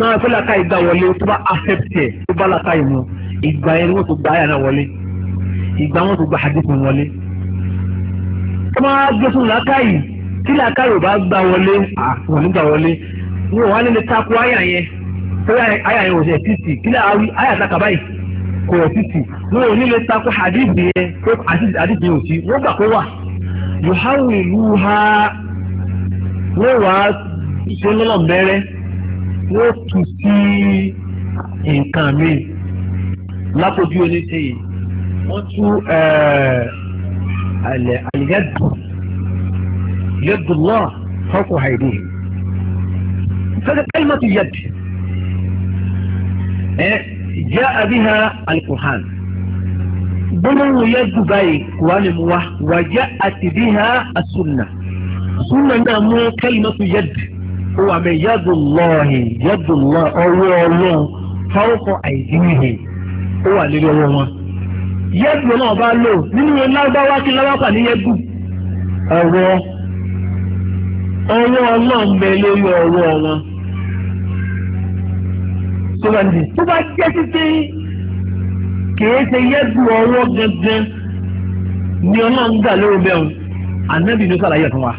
náà pé làkàì gbà wọlé tó bá accept ẹ̀ tó bá làkàì mu ìgbà yẹn wọn tó gbà áyà náà wọlé ìgbà wọn tó gbà hadith wọn wọlé. ẹ máa gbé fún làkàì tí làkàì ò bá gbà wọlé wọn nígbà wọlé wọn ò wá nílé takò áyà yẹn tó áyà yẹn ò ṣe títì kí lè áyà takàbáyì kò ẹ̀ títì wọn ò nílé takò hadith yẹn tó hadith yẹn ò sí wọn gbà kó wà yòháwù ìlú ha wọ́n wá ṣe lọ́nà mẹ́rẹ́ wọ́n tù sí nǹkan mi lápòjú oníṣẹ́yìn wọ́n tú àlìyẹ́dù yẹ́dù lọ́ọ̀ fọ́kù àìdè fẹ́ẹ́ kẹ́lí mọ́tò yẹ́dù ẹ jẹ́ àbíhá alukùhánì. gbólóhùn yẹ́gùn báyìí kùránì mú wa wàjá àti bí ha àsùnà súnà náà mú kalimatu yad ó wà mẹ́ yadullahi yadullahi ọwọ́ ọlọ́run fáwọ́kọ̀ àìdíhìn ó wà lórí ọwọ́ wọn. yẹ́gùn na ọba lo nínú ìwé lágbáwá kí lágbáwá ní yẹ́gùn ọwọ́ ọrụ ọrụ ọrụ lórí wọn. tó bá jẹ́ títí kìí ṣe yẹ́dù ọwọ́ gẹ́gẹ́ ni ọlọ́run gbà lórí bẹ́ẹ̀ o ànábì ló sàlàyé ẹ̀ fún wa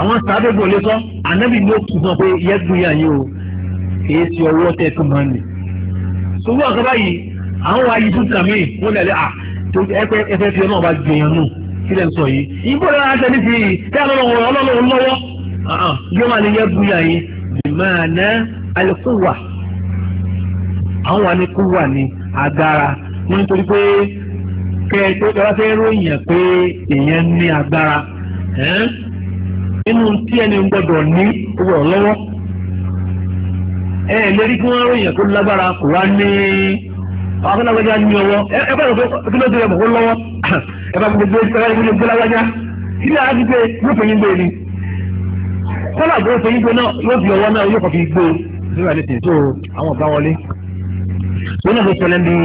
àwọn sábẹ́bù ò lè sọ ànábì ló tún sọ pé yẹ́dù yà yín o kìí ṣe ọwọ́ tẹ̀ tó máa ń lè sọ́wọ́ àkọ́bá yìí àwọn ayé tún kà mí wọ́n lè lè à ẹfẹ́ fi ọlọ́run bá gbìyàn nù kí lẹ́ sọ yìí ìbò lọ́wọ́ aṣọ ní fìyì tẹ́ ọlọ́run lọ́wọ́ àwọn wa ní kó wà ní agbára nítorí pé kẹ́ ẹ tó dára fẹ́ ròyìn ẹ̀ pé èèyàn ní agbára nínú tí ẹni gbọ́dọ̀ ní owó lọ́wọ́ ẹ lérí kí wọ́n ròyìn ẹ̀ tó lágbára kò wá ní akọ́lágbájá ní ọwọ́ ẹ bá yọ̀ pé kí ló dé ẹ̀ bọ̀ kó lọ́wọ́ ẹ bá gbogbo ẹ gbé lágbájá kí ni a ti gbé yóò fẹ́ yín gbé ni kọ́lá gbọ́dọ̀ fẹ́ yín gbé náà yóò fi ọwọ́ náà yóò kọ́ fi gbé o nígbà tí tó àwọn ọ̀gá wọlé wọn náà ló sọlẹ̀ bí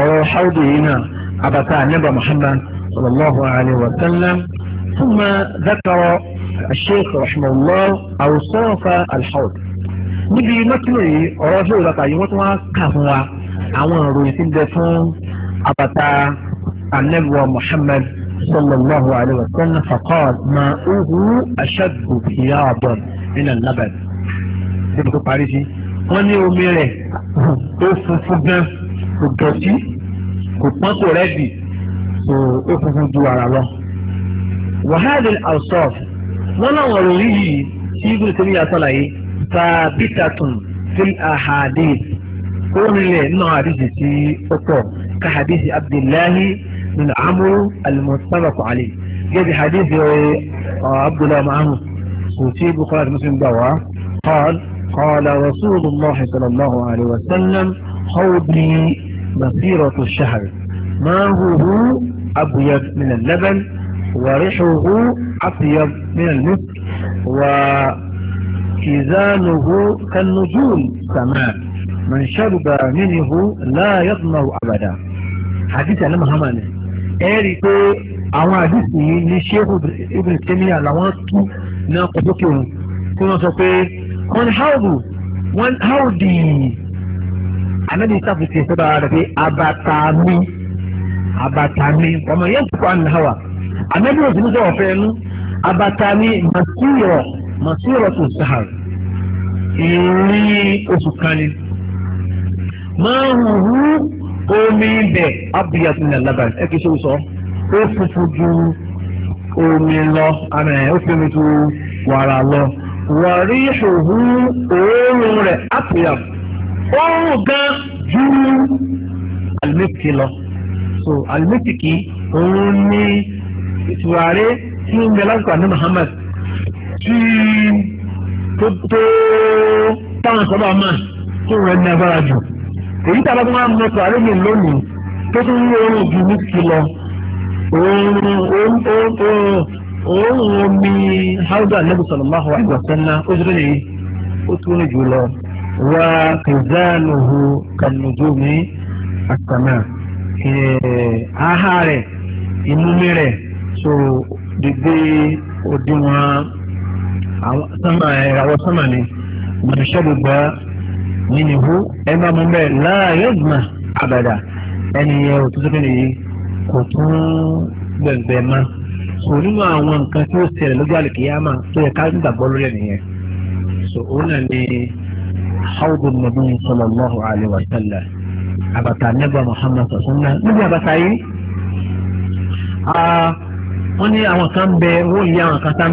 ọ̀rọ̀ ṣáwùdù yìí náà àbàtà ànábà muhammad sallallahu alayhi wa sallam ثم ذكر الشيخ رحمه الله أوصاف الحوض níbi mọ́tìmọ̀ yìí ọ̀rọ̀ ṣé òlàkà yìí wọ́n tún wá kà fún wa àwọn ìròyìn tí bẹ fún àbàtà anabiwa muhammad sallallahu alayhi wa sallam faqal ma uhu ashaddu hiyaban nínú nabẹ. débi parí sí wọ́n ní omi rẹ̀ ó funfun gan kò dọ̀tí kò pọ́n kò rẹ́dì ó funfun ju ara lọ. wàhálà alsof wọn làwọn ọ̀rọ̀ orí yìí tí ibùdó tó ní yàtọ̀ láyé tàbítàtùn fil ahadith ó rinlẹ̀ nínú àdìsí tí ó pọ̀ ká àdìsí abdullahi bin amr al-mustafa gẹ́gẹ́ àdìsí abdullahi bin kò tí bukọ́lá tó ń gbà wá. قال رسول الله صلى الله عليه وسلم حوضي مصيرة الشهر ماهه أبيض من اللبن ورحه أطيب من المسك وكيزانه كالنجوم سماء من شرب منه لا يضمه أبدا حديث أنا مهماني أريكو pé àwọn ابن ní ṣéhù ibùdó tẹ́míyà làwọn kọ́ sọ pé on how do? one how the anabi sáfù ti sọ́dọ̀ ara rẹ̀ pé abata mi abata mi ọmọ yẹn ti kọ́ àná wa anabi ò sì ní sọ ọ̀fẹ́ nu abata mi masiro masiro tó sahar ìrìn oṣù kan ni máa hù hù omi bẹ̀ abiyatu ní alábàá ẹ kì í ṣe sọ ó funfun ju omi lọ àmì ó fi omi tu wàrà lọ wàrí ìṣòwò òórùn rẹ̀ àpèyà òórùn gan ju alimẹ́tì lọ so alimẹ́tì kì òun ní ìtùwárí tí ń bẹ lásìkò àná Muhammad tí tó tó táwọn sábà máa tó rẹ̀ ní agbára jù èyí tàbí wọn á mọ tùwárí mi lónìí tó tún ní òórùn ju ní kìlọ òórùn òórùn òórùn òórùn omi hauda nabi sallallahu alaihi wa sallam ó dúró yìí ó túnú jù lọ wá kìzánuhu kanujumi asama aha rẹ̀ ìmúmi rẹ̀ so dìgbé òdiwọ̀n àwọn sánmà ni mọ̀nìṣẹ́gbẹ̀gbà nínú ihu ẹ máa mú bẹ́ẹ̀ láàyè ọ̀gbìn ẹni yẹn òtútù nìyí kò tún gbẹ̀gbẹ̀ máa so nínú àwọn nǹkan tí ó ṣẹlẹ̀ lọ́jọ́ àlùkìyàmà tó yẹ ká ń gbàgbọ́ lórí ẹ̀ nìyẹn so òun náà ni hawdu nabi sallallahu alayhi wa sallam abata nebà muhammad sasana níbi abata yìí wọ́n ní àwọn kan bẹ wọ́n lé àwọn kan sáń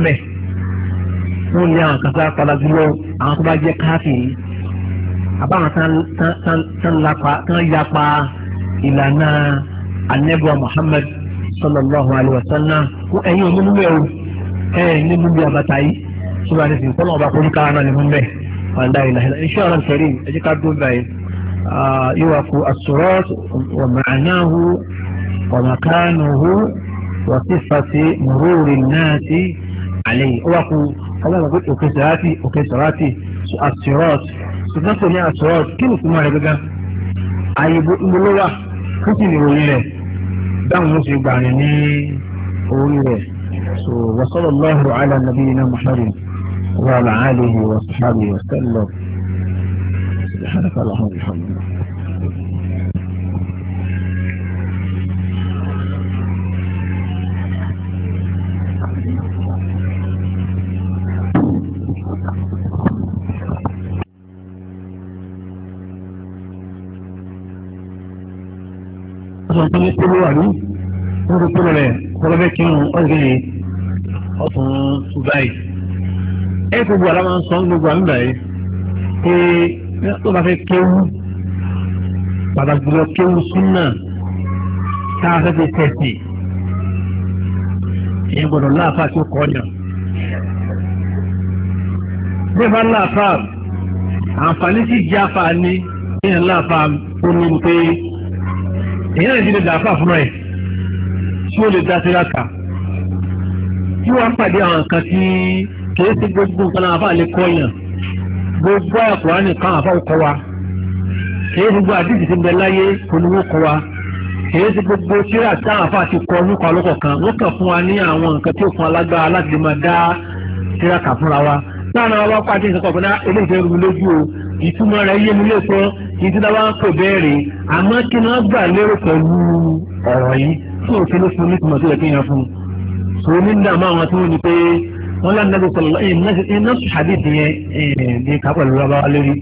wọ́n lé àwọn kan sáń padà dúró àwọn tó bá jẹ́ káfíìn àbáwọn tán yapa ìlànà anẹ́bùa muhammad sallallahu alaihi wasallam ẹ̀yin òní múlẹ̀ o ẹ̀yin ní múlẹ̀ àbàtà yìí ṣùgbọ́n àti sìnkú náà ọba kọ́ni kára náà ní múlẹ̀ wàndá ìlànà iṣẹ́ ọ̀rọ̀ kẹrin ẹ jẹ́ ká dún báyìí yíwá ku as-surat wa ma'nahu wa makanuhu wa sifati mururi nnaasi alayhi ó wá ku ọlọ́run pé òkè sàrátì òkè sàrátì as-surat ní as kí ni ìtumọ̀ rẹ̀ gẹ́gẹ́ àyè ìmúlówà kí ni ìròyìn rẹ̀ داو نسي غانيني اوليه وصلى الله على نبينا محمد وعلى اله وصحبه وسلم سبحانك اللهم وبحمدك tó ní kóló wà lóyún wọ́n ti kóló rẹ̀ kọ́lọ́fẹ́ kírun ọ̀sẹ̀ yìí ọ̀tún báyìí. ẹ gbogbo àlá máa ń sọ gbogbo àmì báyìí pé tó bá fẹ́ kéwú pàtàkì jùlọ kéwú súnà tá a fẹ́ fi tẹ̀sí ìyẹn gbọ́dọ̀ láàfà tó kọ́ ọ̀yàn. bí wọ́n láàfà àǹfààní sì jáfa ní ìyẹn láàfà ó ní pé èyí náà ti lè dàáfà fún ẹ tí ó lè dá sí láka tí wọ́n pàdé àwọn kan tí kìí sí gbogbo nǹkan náà àfa lè kọ́ yàn gbogbo àkùrá nìkan àfa ò kọ́ wa kìí sí gbogbo àdìsí ti bẹ láyé olówó kọ́ wa kìí sí gbogbo tíra tí àwọn àfa ti kọ́ nípa lọ́kọ̀ kan wọ́n kàn fún wa ní àwọn nǹkan tí ó fún alágbára láti lè máa dá tíra kà fúnra wa láàárín àwọn wá pàdé ìsọkọ̀ fúnra eléyìí fẹ́ rú mi lójú o ìtumọ̀ rẹ̀ yé mi lóòótọ́ títí tá a bá ń pè béèrè àmọ́ kí ni wọ́n gbà lérò pẹ̀lú ọ̀rọ̀ yìí fún òfin ló fún nítorí tó yẹ kí n yàn fún un. sòrò ní ìdá àmọ́ àwọn tí wọ́n ní pé wọ́n lá nàbẹ̀ sọ̀rọ̀ iná hadith yẹn ní eh, eh, kápẹ̀lú rabawa lórí.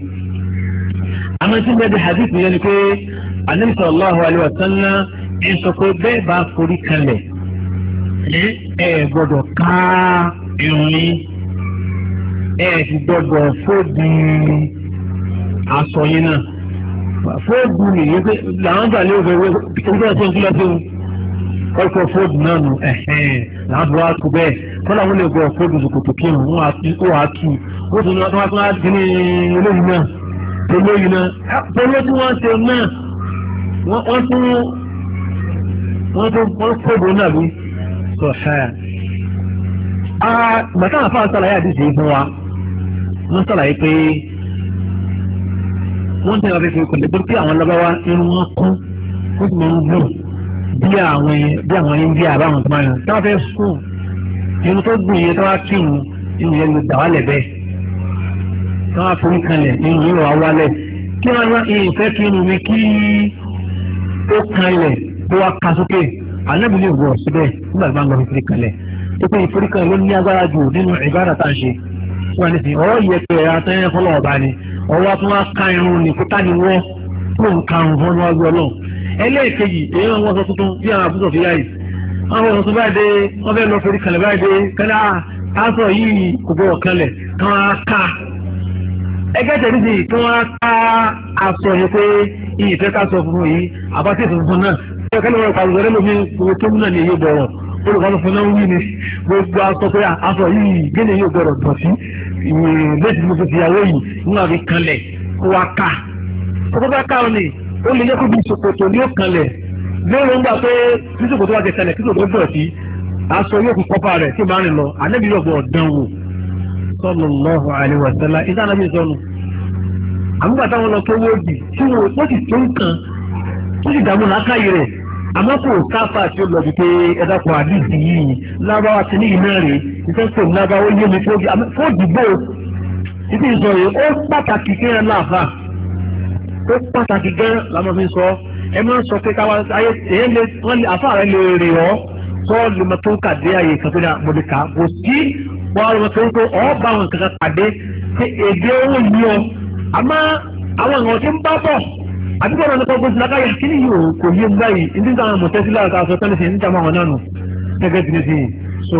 àmọ́ tí bẹ́ẹ̀ di hadith yẹn ni pé anabi sallallahu alaihi wasallam ẹ̀ sọ bẹ́ẹ̀ bá forí kalẹ̀ ẹ̀ gbọ́dọ̀ ká irun yín ẹ̀ gbọ́dọ̀ fóbi aṣọ yín náà fóòdù nìyí pé làwọn gbà lé òfin ìgbà tó ń kí lọ sí òun ọkọ̀ fóòdù náà nù làwọn tó wá kú bẹ́ẹ̀ kọ́lá wọn lè gbọ́ fóòdù ṣòkòtò kí òun wọn á tú ó tún wọn tún á dín ní olóyìn náà olóyìn náà pẹ̀lú ah, tí wọ́n ṣe náà wọ́n tún wọ́n tún wọ́n fóòdù náà bí sọ ṣáà. Ah, bàtà àfa àṣàlàyé àdìsí fún wa wọ́n ṣàlàyé pé wọ́n tẹ̀wá fi fi kọ̀lẹ́ pé kí àwọn lọ́bàwá irun wọn kún ó sì máa ń gbò bí àwọn bí àwọn India àbáwọn tó máa yàn tí wọ́n fẹ́ sùn irun tó gbìn yẹn tó wá kírun irun yẹn ló dà wálẹ̀ bẹ́ẹ̀ tí wọ́n á forí kanlẹ̀ irun yìí wà wálẹ̀ kí wọ́n yọ ìfẹ́ kí irun mi kí ó kanlẹ̀ tó wá ka sókè àlẹ́bí lè wọ̀ síbẹ̀ nígbà tí wọ́n lọ fi kanlẹ̀ tó pé ìforí ọwọ́ tó wá ka irun nìkúta ni wọ́n kó nǹkan ọ̀hún níwájú ọlọ́run ẹlẹ́ẹ̀kejì èyí wọn sọ tuntun bí àwọn àbúrò fi yáyì àwọn ọ̀sán báyìí dé wọ́n fẹ́ lọ forí kalẹ̀ báyìí dé kálá aṣọ ah, yìí kò gbọ́dọ̀ kalẹ̀ kí wọ́n á ká ẹgbẹ́ tẹ̀lé sí kí wọ́n á ká aṣọ yìí pé iyì fẹ́ ká sọ funfun yìí àbátí funfun náà ṣé kálí wọn pàrọ̀ rẹ lómi gbogbo tó múnà ni èyí bọ̀rọ̀ olùkọ́ funfun náà wí ni gbogbo aṣọ pé aṣọ yìí gé bẹ́ẹ̀ tí mo fi ìyàwó yìí nínú àbí kanlẹ̀ kó wa ká kókó bá ni ó lè lẹ́kọ̀ọ́ bí ṣòkòtò ní ó kanlẹ̀ lóòrò ń gbà pé tí ṣòkòtò wa ti kanlẹ̀ tí ṣòkòtò bọ̀ sí aṣọ yóò fi kọ́fà rẹ̀ tí ó rìn lọ ànábi yóò wò ànábi àmúgbàtà wọn lọ tó wọ́ọ̀dì tí wọ́n tó àmọ́ kò káfà tí ó lọ bí pé ẹ̀dá kan àdìsí yìí lábáwá ti ní iná rè iṣẹ́ tó lábáwá yé mi fó dìbò títí sọ yìí ó pàtàkì kéèyàn láàfà ó pàtàkì gan làmọ́ fi sọ ẹ máa sọ pé káwá ayé èyí lè wọ́n lè àfà rẹ lè rè ọ́ sọ lùmọ̀ tó ń kàdé àyè kàtúndà mọ̀lẹ́kà kò sí wọ́n lùmọ̀ tó ń kó ọ́ bá wọn kankan kàdé ṣe èdè owó yìí ọ àmọ́ àwọn àwọn tí àbíkọ náà nípa gbèsè lákàyè kí ni yóò kò yé mi báyìí ní nígbà àwọn mọ̀tẹ́sílẹ̀ àti aṣọ tẹ́lẹ̀ sí níta máa wọn náà nù gẹ́gẹ́ ti ní sí i so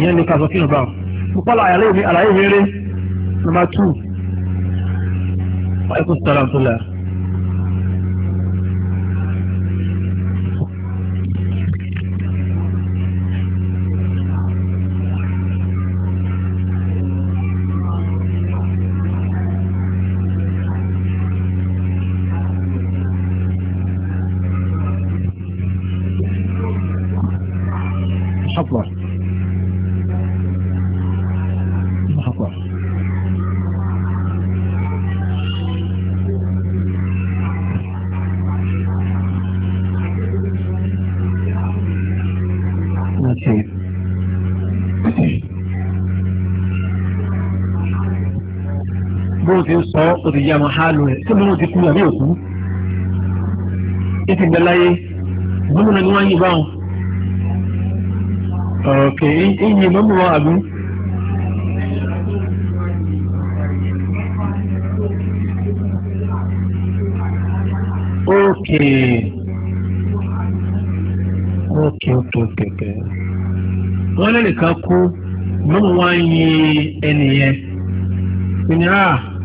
ìyẹn ni kàṣọ kí n bá mo kọ́ àlàyé mi rere number two ẹ̀kú sọ̀rọ̀ àtúnlẹ̀. ti yá wọn hálò rẹ̀ tí bọ́lá ti kú àbí òkú ètò ìgbàláyé gómìnà ni wọ́n yí báwọn. ọ̀kẹ́ ìyìn mọ́mú wọn àbí. Okay. Okay, okay, okay, Wọ́n lè nìkan kú, mọ́mú wọn yin ẹnìyẹn. Ìnira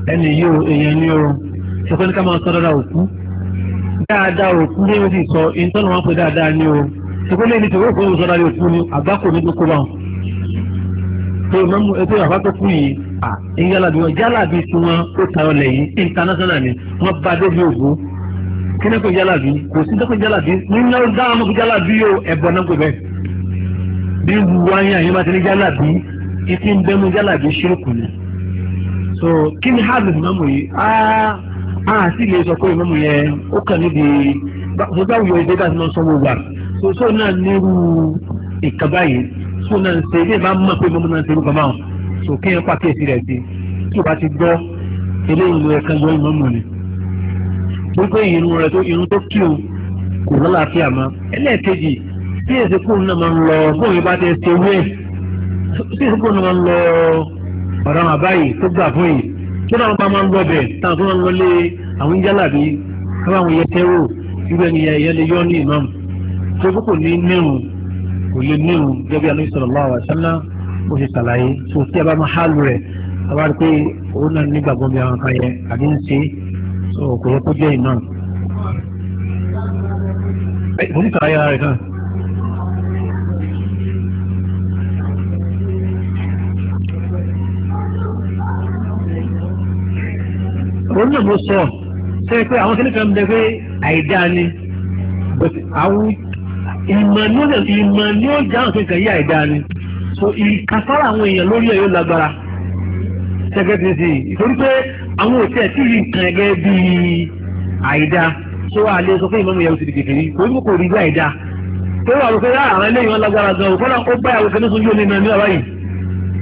ẹni yóò èèyàn ní oorun ṣùgbọ́n ní ká máa sọ dáadáa òkú dáadáa òkú ní oṣù sọ ìtọ́nà wọn pé dáadáa ní oorun ṣùgbọ́n ní ìdíje òkú ìwòsàn dáadáa òkú ni àgbákò ní tó kó bá wọn. tó o mẹ́mú ètò ìyàwó tó kú yìí ìyá alábi wọn jálàbí tí wọn ó tayọ lẹ̀ yìí international ni wọn bá débi ògbó kí ní kò jálàbí kò sí dẹ́kun jálàbí nínú dáhùn mọ́ kó jálàbí yóò ẹ̀bọ̀ náà kò bẹ́ẹ̀ bí wúwa yẹn àyè so kí ni hajj ìmọ̀mù yìí á sì lè sọ pé ìmọ̀mù yẹn ó kàn níbi bàbá òyìnbó ìdè dàtí náà sọ wọ́wà so so náà nírú ìkàbá yìí so náà ń ṣe ilé ìbá mọ̀ pé ìmọ̀mù náà ń ṣe irú bàbá wọn so kí yẹn pàkíyèsí rẹ̀ sí tí o bá ti gbọ́ eléyìí ló yẹ ká gbọ́ ìmọ̀mù ni gbogbo ìrun rẹ̀ tó ìrun tó kí o kò lálàáfíà mọ́ ẹlẹ́ẹ̀kejì tí èsì kúrò náà máa ń lọ bóyá bá ti ṣe wẹ́ẹ̀ tí èsì kúrò náà máa ọ̀rọ̀ àwọn àbáyé tó gbà fún yìí tó dáwọn bá máa ń lọ bẹ̀ táwọn tó máa ń lọlé àwọn jálàbí káwọn àwọn yẹtẹ́ rò irú ẹni ẹ̀yẹ lè yọ ní ìmáàmù tó kó kò ní nírun kò lè nírun gẹ́gẹ́ bí alẹ́ sọ̀rọ̀ lọ́wọ́ àṣálá ó ṣe ṣàlàyé tó tí a bá máa hálù rẹ̀ a bá rí pé òun náà nígbàgbọ́ bí àwọn kan yẹ àbí ń ṣe kò yẹ kó jẹ́ ìmáàmù. òun náà mo sọ ṣe pé àwọn kìnìún kan bẹ pé àìdá ni àwọn ìmọ̀ ni ó lè fi ìmọ̀ ni ó jẹ́ àwọn kìnìún kan yí àìdá ni so ìkàfàrà àwọn èèyàn lórí ẹ̀ yóò lágbára ṣẹ́gẹ́dẹ́sì ìtorí pé àwọn òtí ẹ̀ tí yìí kan gẹ́gẹ́ bíi àìdá so àlẹ́ sọ pé ìmọ̀mù yẹn ti di kékeré orí kò rí bí àìdá tó wà lóko yá àwọn eléyìí wọn lágbára gan òkú náà ó bá ìyàwó kẹ́ni sunjú omi nàní ọ̀rá yìí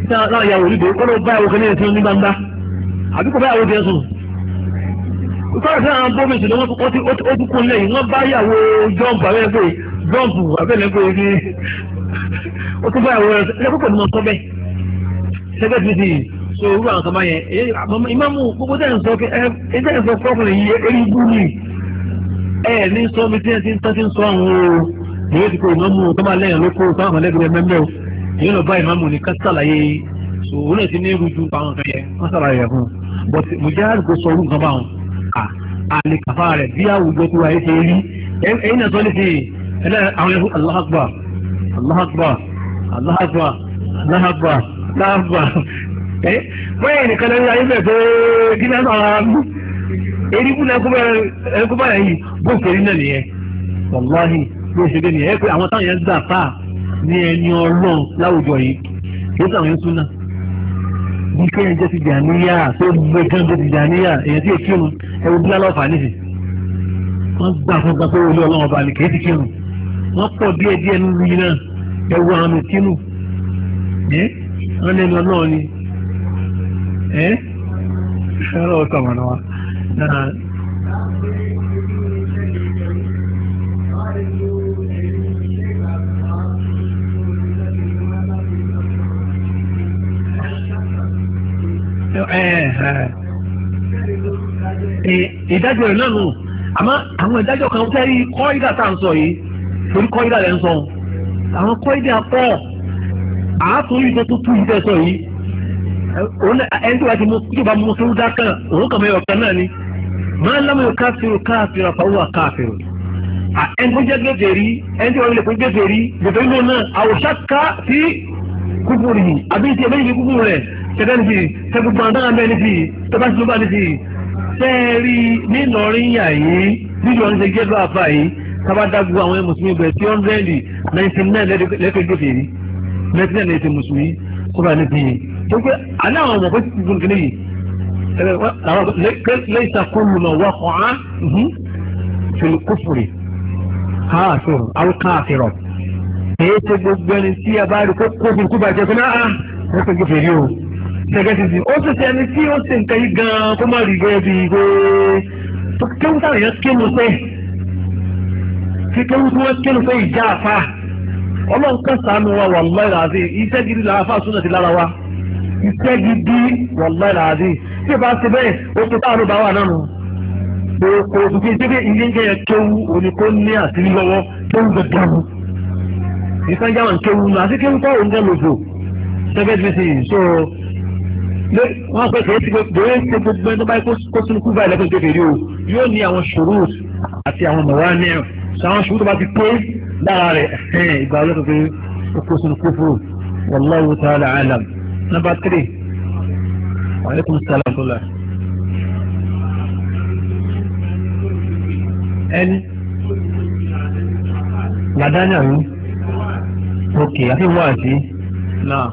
náà yàwó rí bò ó kọ́ ló bá ìyàwó kẹ́ni sunjú ní gbangba àbí kò bá ìyàwó kẹ́ni káàkiri àwọn bómi ìṣòro wọn kọ́ tí ó tún kún lẹ́yìn wọ́n bá yàwó jọ́ǹpù abẹ́lẹ́gbẹ́ jọ́ǹpù abẹ́lẹ́gbẹ́ ní ó tún bá yàwó ẹgbẹ́ púpọ̀ ní wọn sọ bẹ́ẹ̀ tí ti so irú àwọn kan bá yẹn ìmáàmù gbogbo tẹ̀ ń sọ ẹ tẹ̀ ń sọ fọ́kùnrin yìí eré ibú ni ẹ ní sọ tí ẹ ti ń tọ́ ti ń sọ àwọn o èyí ti kó ìmáàmù tó máa lẹ́yìn ló kó sáwọn àmàlẹ́gbẹ̀rẹ̀ mẹ́mẹ́ o èyí lọ bá ìmáàmù ní ká so òun náà ti ní irú ju àwọn kan yẹn wọ́n fún un but mùjáàrì kò sọ orú báwọn kà á lè kàfà rẹ̀ bí àwùjọ tó wáyé ṣe rí ẹ̀yin náà sọ nísìnyí ẹlẹ́rìn àwọn ẹ̀fọ́ Allahu Akbar Allahu Akbar Allahu Akbar Allahu Akbar Allahu Akbar ẹ̀ bóyá ayé bẹ̀ tó gíná sọ̀rọ̀ àmú èyí kúnlẹ̀ ẹ̀kúbà yìí bó ṣe náà nìyẹn wàláhì bó ṣe rí nìyẹn ẹ pé àwọn táwọn yẹn gbà fà ní ẹni ọlọ́run láwùjọ yìí kí ó sàwọn yẹn súnà di kéèyàn jẹ́ ti jàníyà tó gbé kán jẹ́ ti jàníyà èyàn tí èkí òun ẹ̀rù bí aláwọ̀fà níbi wọ́n gbà fún gbà pé olú ọlọ́run ọba àlèkè ti kírun wọ́n pọ̀ díẹ̀ díẹ̀ nínú yìí náà ẹ̀rù àwọn òkínú ẹ́ wọ́n lẹ́nu ọlọ́run ni ẹ́ ṣọ́rọ̀ ọ̀tọ̀ mọ̀nà wa. ìdájọ́ rẹ̀ náà nù àmọ́ àwọn ìdájọ́ kan tẹ́ rí kọ́ídà tá à ń sọ yìí torí kọ́ídà rẹ̀ ń sọ àwọn kọ́ídà pọ̀ àátúrí tó tuntun yìí tẹ́ sọ yìí ẹni tí wàá ti mú bá mú òun kàn mẹ́yọ̀ kan náà ni máa ń lámọ̀ káfíìrù káfíìrù káfíìrù ẹni tó jẹ́ ẹni tí wọ́n lè pín náà ká sí kúkúrú yìí àbí ti ẹ̀mẹ́yìn tẹ́tẹ́ ní sí tẹ́ gbogbo àwọn dáhà bẹ́ẹ̀ ní sí tẹ́ bá ti ló bá ní sí tẹ́ ẹ rí nílọrin yà yìí bíjọ ní ṣe gẹ́gẹ́ bá fà yìí sábà dágbó àwọn mùsùlùmí bẹ̀rẹ̀ tí hundred ninety nine lẹ́kẹ̀ẹ́dẹ́ fèrè ninety nine lẹ́sẹ̀ mùsùlùmí kó bá ní sí i tó pé àná àwọn ọmọ kó ti tuntun kìíní yìí ليس كل ما وقع في الكفر كافر او كافر ليس gbogbo ẹni tí a bá rí kó kó fi bàjẹ́ fún náà wọ́n kò gbé fèrè o sẹ̀kẹ́sìsì ó sì ṣe ẹni tí ó sì ń kẹ́yí gan-an kó má rí gẹ́gẹ́ bí ìwé kéwù táwọn èèyàn kéwù pé kéwù tí wọ́n kéwù pé ìjà àfa ọlọ́run kan sànù wa wàlúwàlú àti iṣẹ́ gidi làwọn afa súnà ti lára wa iṣẹ́ gidi wàlúwàlú àti tí ìbá ṣe bẹ́ẹ̀ oṣù táwọn ọba wà nánu o kí n ṣe pé ilé ń gẹ́yẹ kéwù òní kó ní àtìrí lọ́wọ́ kéwù gbẹ̀gbẹ̀rún ìsanjáwọn kéwù náà àti kéwù kọ́ òun jẹ́ lòdò sẹ́gẹ́sì so wọ́n pẹ́ kẹ́ẹ́ ti gbogbo ẹ̀ ṣe gbogbo ẹ̀ tó báyìí kó sínú kú báyìí lẹ́kọ̀ọ́ ìgbèfèrè o yóò ní àwọn ṣòro àti àwọn mọ̀wání ẹ̀ sàwọn ṣòro tó bá ti pé lára rẹ̀ ìgbà ọlọ́dún pé ó kó sínú kú fúrò wallahu ta'ala alam. nọ́mbà tírì aleykum salaam tó ẹni làdáni àrùn òkè àti wọ́n náà.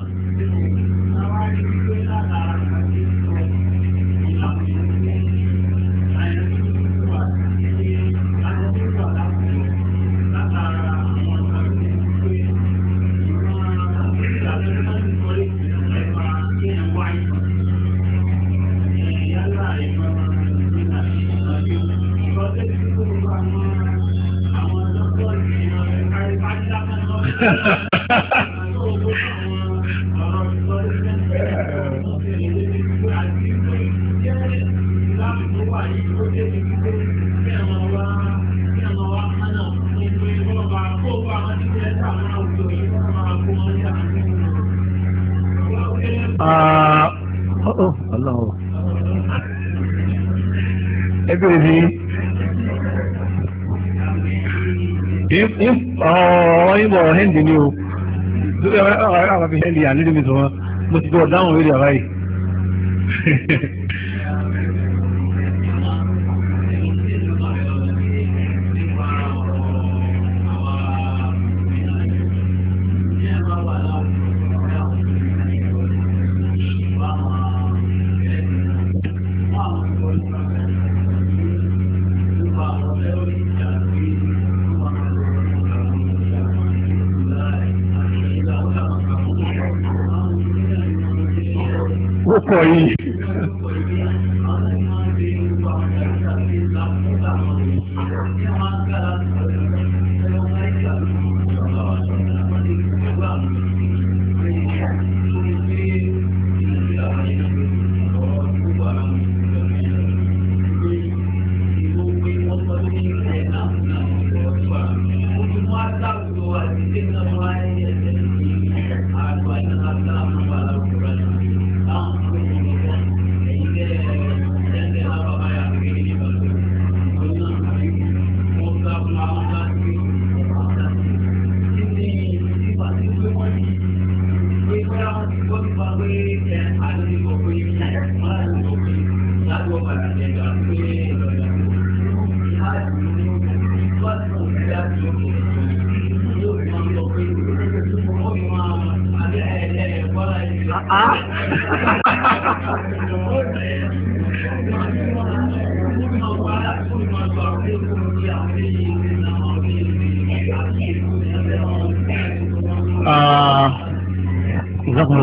Ah, uh, oh, Ẹgbẹ́ mi, if, if, uh, ọ̀rọ̀ yín bọ̀ ọ̀rọ̀ hẹ́ǹdì ni o lórí àwọn àfihàn hẹ́ǹdì ànídìmí sọ wọn mo ti gbọ́ ọ̀dáhùn lórí àbáyé pọ̀ ìjọkùnlọ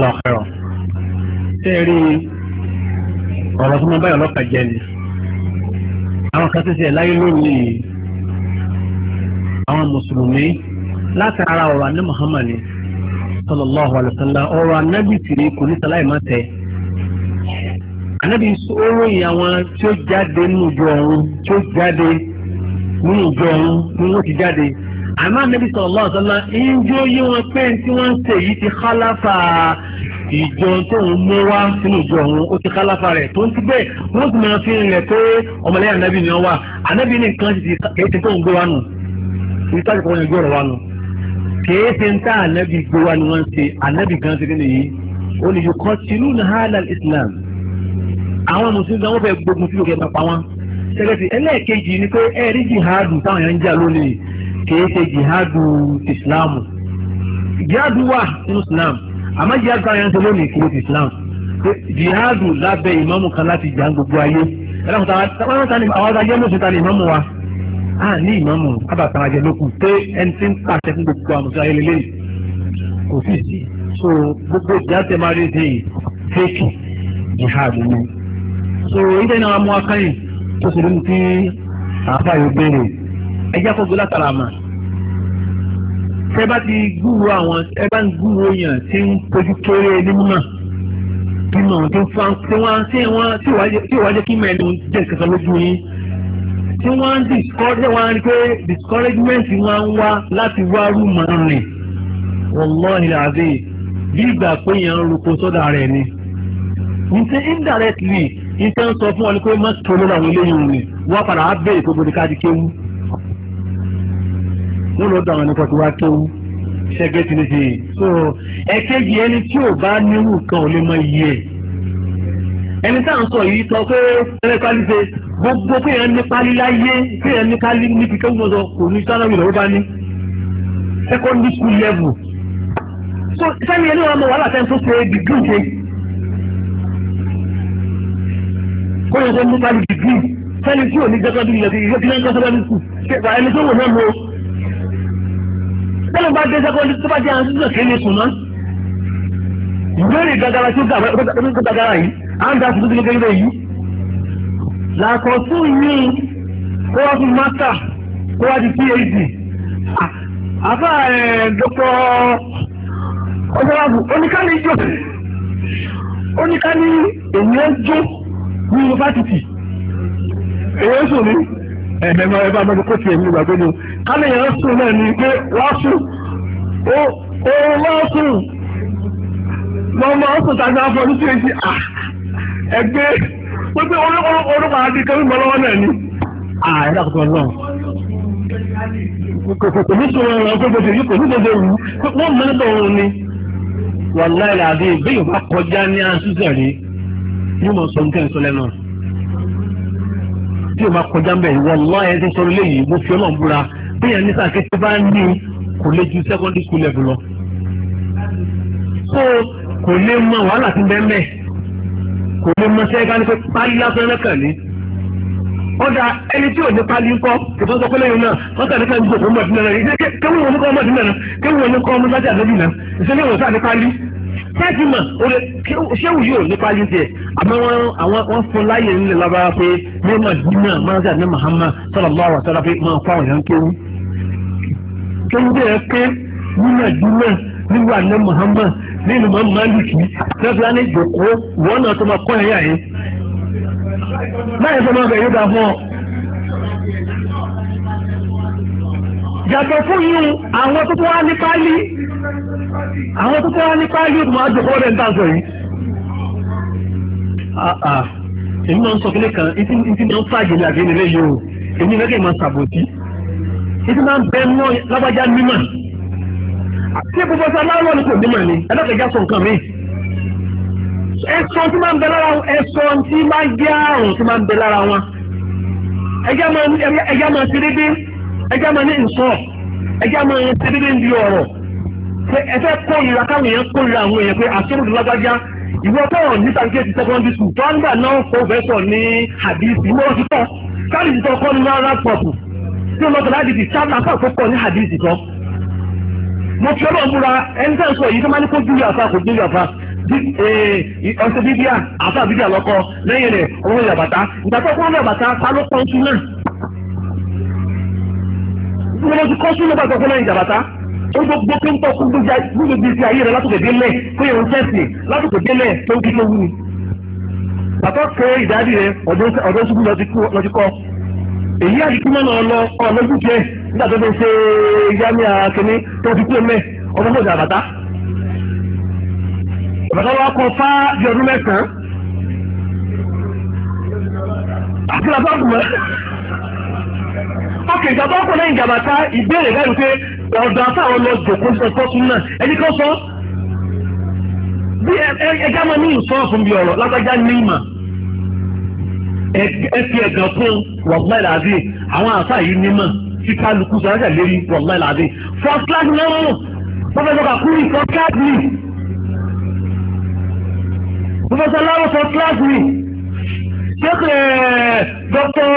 ah, ọ̀rọ̀ tẹ́ẹ̀rí ọ̀rọ̀ tó mọ báyọ̀ lọ́kà jẹ́ ni àwọn kan tẹ̀sẹ̀ láyé lónìí àwọn mùsùlùmí látara ọ̀rọ̀ àná Muhammad sallallahu alayhi wa sallam ọ̀rọ̀ anábì tìrì kò ní sáláì má tẹ̀. anábì oróyìn àwọn tí ó jáde nínú ìjọ ọ̀run tí ó jáde nínú ìjọ ọ̀run ni wọ́n ti jáde àmọ́ anábì sallallahu alayhi wa ìjọ yí wọn pé tí wọ́n ń ṣe yìí ti khalafa ìjọ tóun mú wá sínú ìjọ òun ó ti kálàfà rẹ̀ tó ń ti bẹ́ẹ̀ wọ́n ti máa fi rìn rẹ̀ pé ọmọlẹ́yìn ànábì ni wọ́n wà ànábì ní nǹkan ti kìí ṣe tóun gbé wa nù kìí ṣe àjẹkọ̀ọ́ yẹn gbé ọ̀rọ̀ wa nù kìí ṣe ń tá ànábì gbé wa ni wọ́n ń ṣe ànábì gan ṣe nínú yìí ó ní yóò kọ́ tìlú ní halal islam àwọn mùsùlùmí wọn fẹ́ gbógun tí yóò pa wọn ṣẹlẹ̀tì ẹlẹ́ẹ̀kejì islam jihadu wà islam àmọ́ jihad táwọn yẹn ń sọ lónìí kúrò ti Islam jihadu lábẹ́ ìmáàmù kan láti jà gbogbo ayé ẹ̀rọ àwọn ajẹ́ lóṣù ta ni ìmáàmù wa a ní ìmáàmù kábàtà ajẹ́ lókun pé ẹni tí ń pàṣẹ fún gbogbo àmùsọ ayé lélẹ́yìn kò sí sí so gbogbo ìjáde máa rí sí fake jihad ni so ìdẹ́ náà mú akáyìn tó sì lóun tí àáfàá yóò béèrè ẹjẹ́ kó gbé látara àmà tẹ́ bá ti gúrò àwọn ẹ bá ń gúrò yàn tí ń fojú kéré nínú náà bímọ tí ń fa tí wọ́n tí wọ́n tí wọ́n jẹ́ kí mẹ́rin ló ń jẹ́ kankan lójú yín tí wọ́n ń discourage wọ́n á rí pé discouragement wọn ń wá láti wá rúmọ̀ rìn wọ́lọ́ọ̀hìn làbẹ́ bí ìgbà pé yàn ń roko sọ́dà rẹ̀ ni nse indirectly nse ń sọ fún ọ ní pé má tó lọ́wọ́ àwọn eléyìí rìn wọ́n padà á bẹ̀rẹ̀ pé bòdìkà ti kéwú wọ́n lọ dàwọn ẹni kọtí wá kéwú ṣẹgẹ ti ní sèé so ẹ̀kejì ẹni tí ò bá níwù kan ò lè mọ iye ẹni tá à ń sọ yìí sọ pé ẹrẹ pálí ṣe gbogbo pé ẹni pálí láyé pé ẹni pálí níbi kéwú mọ sọ kò ní sálọmì lọ́wọ́ bá ní secondary school level so sẹ́yìn ẹni wàá mọ wàhálà sẹ́yìn tó ṣe dìgírì ṣe kó yẹ kó ní pálí dìgírì sẹ́yìn tí ò ní jẹ́kọ́ bí ilẹ̀ bí ilẹ̀ bí ilẹ̀ ń kọ́ sẹ́yìn tó wò náà mọ́ tẹ́lẹ̀ bá dé sẹ́kọ̀ọ́ tó bá jẹ́ àwọn sísọ̀ kéde sùn náà ìbéèrè gàgàrà tí ó gàgàrà yìí à ń da sùn tó kékeré yìí làkọ̀tún yìí kó wá fún mátà kó wá di phd àbá ẹ̀ dọ́kọ̀ ọ̀sọ̀rọ̀bù oníkálí jò oníkálí èyàn jó ní yunifásitì èyàn sùn ní ẹ̀ẹ́dẹ̀gbọ́n ẹ̀bá mọ́tò kó tiẹ̀ ní ìgbàgbọ́ ni. kánìyàn na náà ní pé lọ́sùn oorun lọ́sùn lọ́mọ ọ̀sùn tàbí afọ́dún tí èsì à ẹgbẹ́ ọrụ orúkọ àti kẹ́míkọ́ lọ́wọ́ náà ni àìrà kọ̀ọ̀kan náà kò ní sọ̀rọ̀ ọ̀rọ̀ pé bóṣe yìí kò ní wù wọ́n mú ni bá kọjá ní rí ní sọ nǹkan bá kọjá ń bẹ̀ ti sọ mo fi búra téèyàn ní sàkété bá ní kò lè ju secondary school level lọ. so kò lè mọ wàhálà tí bẹ́ẹ̀ mẹ́ kò lè mọ sẹ́yìn ká ní pé pálí lásán lẹ́kàn ní. ọ̀dà ẹni tí ò ní pálí ń kọ́ ìfọ́n sọ pé lẹ́yìn náà wọ́n kàn ní ká ní gbogbo mọ̀tún náà kéwọ́n ní kọ́ mọ̀tún náà kéwọ́n ní kọ́ mọ́tún náà táàgì mà òde ṣéwù yóò nípa yín tiẹ̀ àmọ́ wọn àwọn wọn fún láyè ńlẹ̀ lábára pé ní Madina mazà ní Muhammad sallallahu alaihi wasallam pé máa fáwọn yẹn kéwú kéwú bẹ́ẹ̀ pé ní Madina nígbà ní Muhammad nínú mọ́ Málìkì lọ́sọ̀rọ̀ ní ìjòkó wọn náà tó máa kọ́ ẹ̀yà yẹn láyé sọ máa bẹ̀ yóò dáa fún ọ. yàtọ̀ fún yín àwọn tó tó wá ní pálí àwọn tó tó wá ní pálí ó tó máa jòkó rẹ̀ ń tàṣọ yìí. Ah, ah. èmi máa ń sọ kílé kan ìtì máa ń fàjì ní àgbẹ̀ nílé yìí o èmi lẹ́kẹ̀ máa ṣàbòsí ìtì máa ń bẹ mọ́ lágbájá mímọ̀ tí gbogbo ọ̀sán aláwọ̀ ni kò mímọ̀ ni ẹlẹ́kẹ̀já sọ nǹkan mi ẹ̀sọ́ tí máa ń bẹ lára ẹ̀sọ́ tí máa ń jẹ́ àrùn tí máa ń bẹ lára wọn ẹ̀já máa ṣe déédéé ẹjá máa ní nsọ ẹjá máa yẹn ti dídí ndí ọ̀rọ̀ pé ẹfẹ kórìíra káwọn èèyàn kórìíra àwọn èèyàn pé àṣírò lágbájá ìwọ tọrọ ní sàǹkẹ́tì secondary school tó ń gbà náà ní hadith káàdì ti ní rárá tí wọn di ní hadith mo fi ọlọ́run múra ẹni tẹ́ ń gbogbo mo ti kọ́ sí lọ́gbà gbọ́gbọ́n lẹ́yìn jàbàtà ó gbogbo pé ń tọ́ fún gbogbo gbèsè ayé rẹ látòkè délẹ̀ pé òun tẹ̀sì látòkè délẹ̀ tó ń kí tó wú ni. bàtà pé ìdádì rẹ ọ̀dọ́ ṣubú lọ ti kọ́ èyí àdìkúmọ́nà ọlọ ọlọ́gbù jẹ nígbà tó fi ṣe yámi àkíní tó fi kú ẹmẹ ọmọ fún jàbàtà. bàtà wa kọ fá di ọdún mẹ́sàn-án. àti làbá àgùnmọ́ ọkọ̀ ìjàmbá ọkọ̀ lẹ́yìn ìjàmbá ta ìbéèrè lẹ́nu pé ọ̀dọ̀ àtàwọn lọ jòkó sọ fún náà ẹni kan sọ bí ẹja máa ní ìsọ fún bí ọ̀rọ̀ lágbájá ní ìmà ẹ fi ẹ̀gàn fún wàhálà àdé àwọn àṣà yìí ní mà tí kálukú sọ ẹ̀jẹ̀ lérí wàhálà àdé first class náà pọ́fẹ́sọ̀ Kakuri first class ni pọ́fẹ́sọ̀ Láró first class ni ṣéèkì dọ́kítọ̀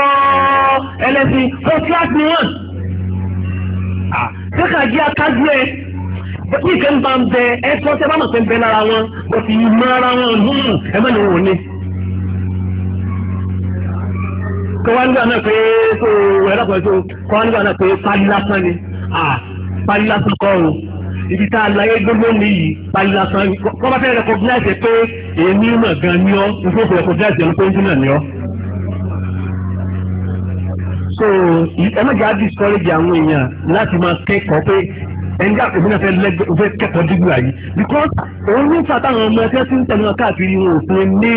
ẹlẹ́sìn fún kíláàsì wọn. ṣéèkì àjí akájú ẹ bí ìkẹ́ ń bá ń bẹ ẹ sọ ṣẹ́ bá mọ̀ pé ń bẹ lára wọn bó ti yí mọ́ ara wọn lùmù ẹ mọ́ ni wò ni. kọ́ wá nígbà náà pé kó ẹ̀rọ kan tó kọ́ wá nígbà náà pé pálí lásán ni pálí lásán kọ́ ọ̀run ibi tá a láyé gbogbo ní yìí pali lásán kọ́ bá fẹ́ rẹkọgíláìsì pé èmi mọ̀ gan ni ọ́ nígbà tó rẹkọgíláìsì ẹni pé ni ọ́. so ẹ má jẹ́ á àwọn èèyàn láti máa kẹ́kọ̀ọ́ pé ẹnjẹ àkókò náà fẹ́ kẹ́kọ̀ọ́ dígbò ayé because òun ní fàtàwọn ọmọ ẹgbẹ́ tí ń tẹnu káàkiri wọn ò fún ní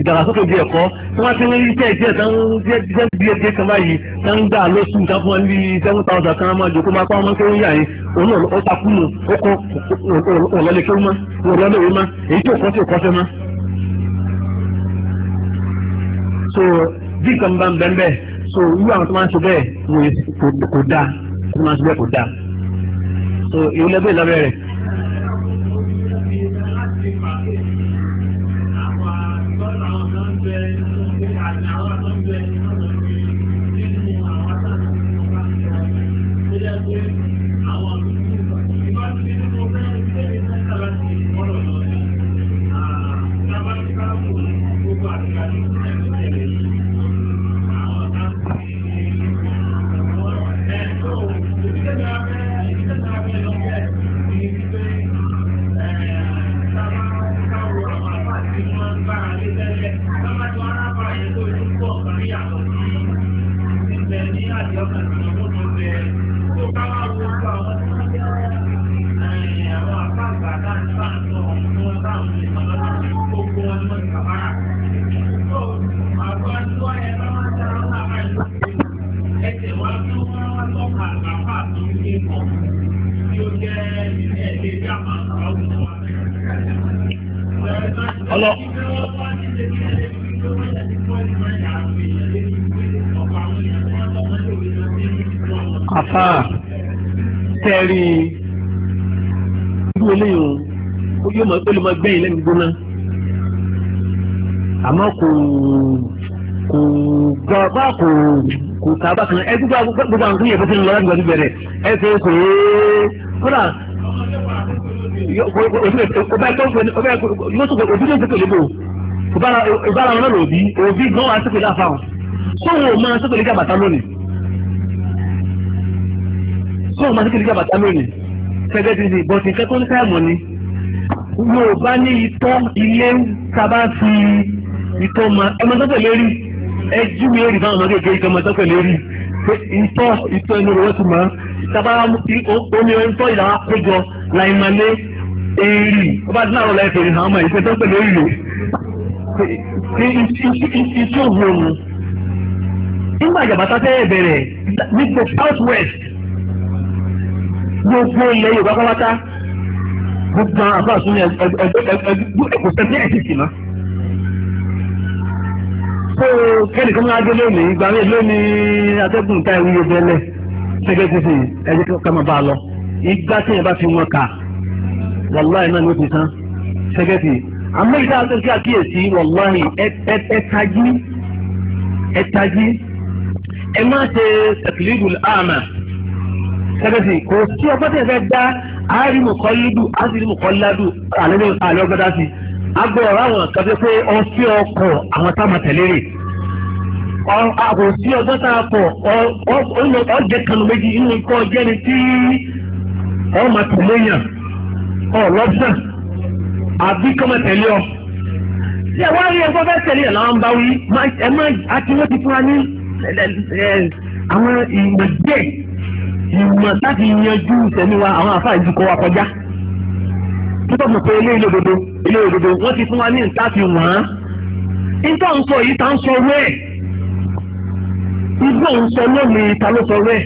ìdàgbàsókè bí ẹ̀kọ́ tí wọ́n ti ń rí iṣẹ́ ìṣe tán jẹ́ bí ẹgbẹ́ kan báyìí tán ń gbà lóṣù tán fún wọn ní seven thousand kan máa jòkó máa pa ọmọ tó ń yà yín òun ó takú nù ó kọ òlọ́lẹ̀ kéwú mọ́ òlọ́lẹ̀ òwe mọ́ èyí tó kọ́ sí òkọ́fẹ́ mọ́. so bí nǹkan bá ń so irú àwọn tó máa ń ṣe bẹ́ẹ̀ kò dáa tó máa ń so ìwọlẹ́gbẹ̀ẹ́ lọ́rẹ́ rẹ̀ bẹ́yìn lẹ́nu gbóná àmọ́ kò kò gbọ́ bá kò kò ta bá kan ẹ gbogbo gbogbo àwọn kúnyẹ̀ fún lọ́wọ́ nígbà bíbẹ̀rẹ̀ ẹ fi kò é kódà ọbẹ̀ tó ọbẹ̀ yóò tó òbí yóò tó kò lébo ìbára wọn lọ́rọ̀ òbí òbí gan wa sókè láfa wọn sóhun ò máa sókè lé jàbàtà lónìí sóhun máa sókè lé jàbàtà lónìí fẹ́gẹ́ ti di bọ́tì kẹ́kọ́ ní táìmù ni. Yorùbá ní itọ́ ilé sábà fi itọ́ ma ẹmọ tó tẹ̀lé rí ẹjú mi èrì báwọn ọmọdé kékeré ọmọ tó tẹ̀lé rí itọ́ itọ́ ẹnu rẹ̀ wọ́n ti mọ̀ sábà omi ẹni tọ́ ìlà àkójọ làìmọ̀lé èrì ọba tí láwọn ọ̀la ẹ̀fẹ̀ hàn ọmọ ìfẹ́ tó tẹ̀lé rí lò ìtú òhun nígbà ìjàmbá sáfẹ́ bẹ̀rẹ̀ ní gbogbo south west gbogbo ilẹ̀ Yorùbá pátápátá gbogbo àbá àtúnyẹ ẹgbẹ́ ẹ̀sìn ẹ̀sìn mọ́. tó kẹ́lì kan máa dé lónìí gba mí lónìí atẹ́gùn ta ìwúye bẹ́lẹ̀ ṣẹ́gẹ́gùn sí ẹ̀jẹ̀ kan máa bá a lọ. ìgbà tí yẹn bá fi wọn kà wàláì náà ló ti tán ṣẹ́gẹ́sì. àmọ́ ìdá àtẹ́sí àkíyèsí wàláì ẹ̀tají ẹ̀tají ẹ má ṣe tẹ̀kìlì ẹgbẹ́sì kò sí ọgbọ́n tí ẹ fẹ́ dá àárín mọ̀kọ́lídù àti mọ̀kọ́ládù àlẹ́ ọgbọ́dá sí agbọ̀rọ̀ àwọn kan tó pé ọtí ọkọ̀ àwọn tá a máa tẹ̀lé rè kò sí ọgbọ́n tá a kọ̀ ọjẹ́ kanu méjì inú ikọ̀ ọjẹ́ ni tí ọ máa tẹ̀lé yàn ọ lọ́sàn àbí kọ́ máa tẹ̀lé ọ. ṣé wàá rí ẹgbọ́n fẹ́ tẹ̀lé yàn láwọn bá wí ẹ má àti wọ́n ti fún wa ní àwọn ìmọ̀ díẹ̀. ìmọ̀ láti yanjú ìsẹ̀mí àwọn àfa ìlú wa kọjá púpọ̀ mọ̀ pé ilé ilé ilé òdodo wọ́n ti fún wa ní nǹkan àti wọ́n nígbà ń sọ yìí ta ń sọ wẹ́ nígbà ń sọ lónìí ta ló sọ wẹ́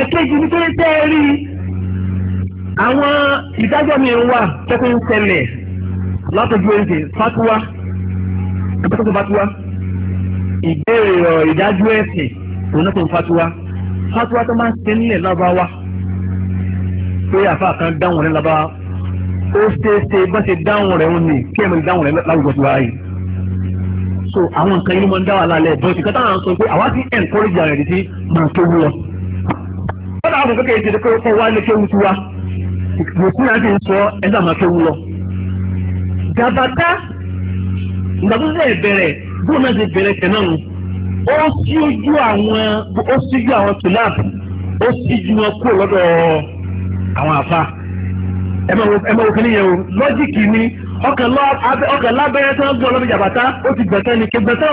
ẹ̀kejì tẹ́ ẹ rí àwọn ìdájọ́ mi wà tẹ́kùn látọ̀jú ẹ̀jẹ̀ fatuwa fatuwa ìbéèrè ìdájọ́ ẹ̀sìn òun náà tó fatuwa. fatuwa tó máa ń ṣe nílẹ̀ wa, pé àfa kan dáhùn rẹ̀ lábáwá ó ṣeéṣe bá ṣe dáhùn rẹ̀ òun ni kí ẹ̀mí dáhùn rẹ̀ láwùjọ ti wáyé so àwọn nǹkan yìí ló máa ń dá wà lálẹ́ bọ́ọ̀sì kátà náà sọ pé àwa ti encourage rẹ̀ sí máa tó wúlọ. wọ́n dáhùn kékeré ṣe pé ó wá lé kéwu ti wá náà ti ń sọ ẹ̀dá máa tó wúlọ. gàbàtà ìgbàgbọ́sẹ̀ ó síjú àwọn ó síjú àwọn tùláp ó síjú wọn kúrò lọ́dọ̀ àwọn àfa ẹ máa wo kíní o lọ́jìkì ni ọkàn lábẹ́rẹ́ tí wọ́n gbọ́ lọ́dọ̀ jàbàtà ó ti gbẹ̀tẹ́ ni kí gbẹ̀tẹ́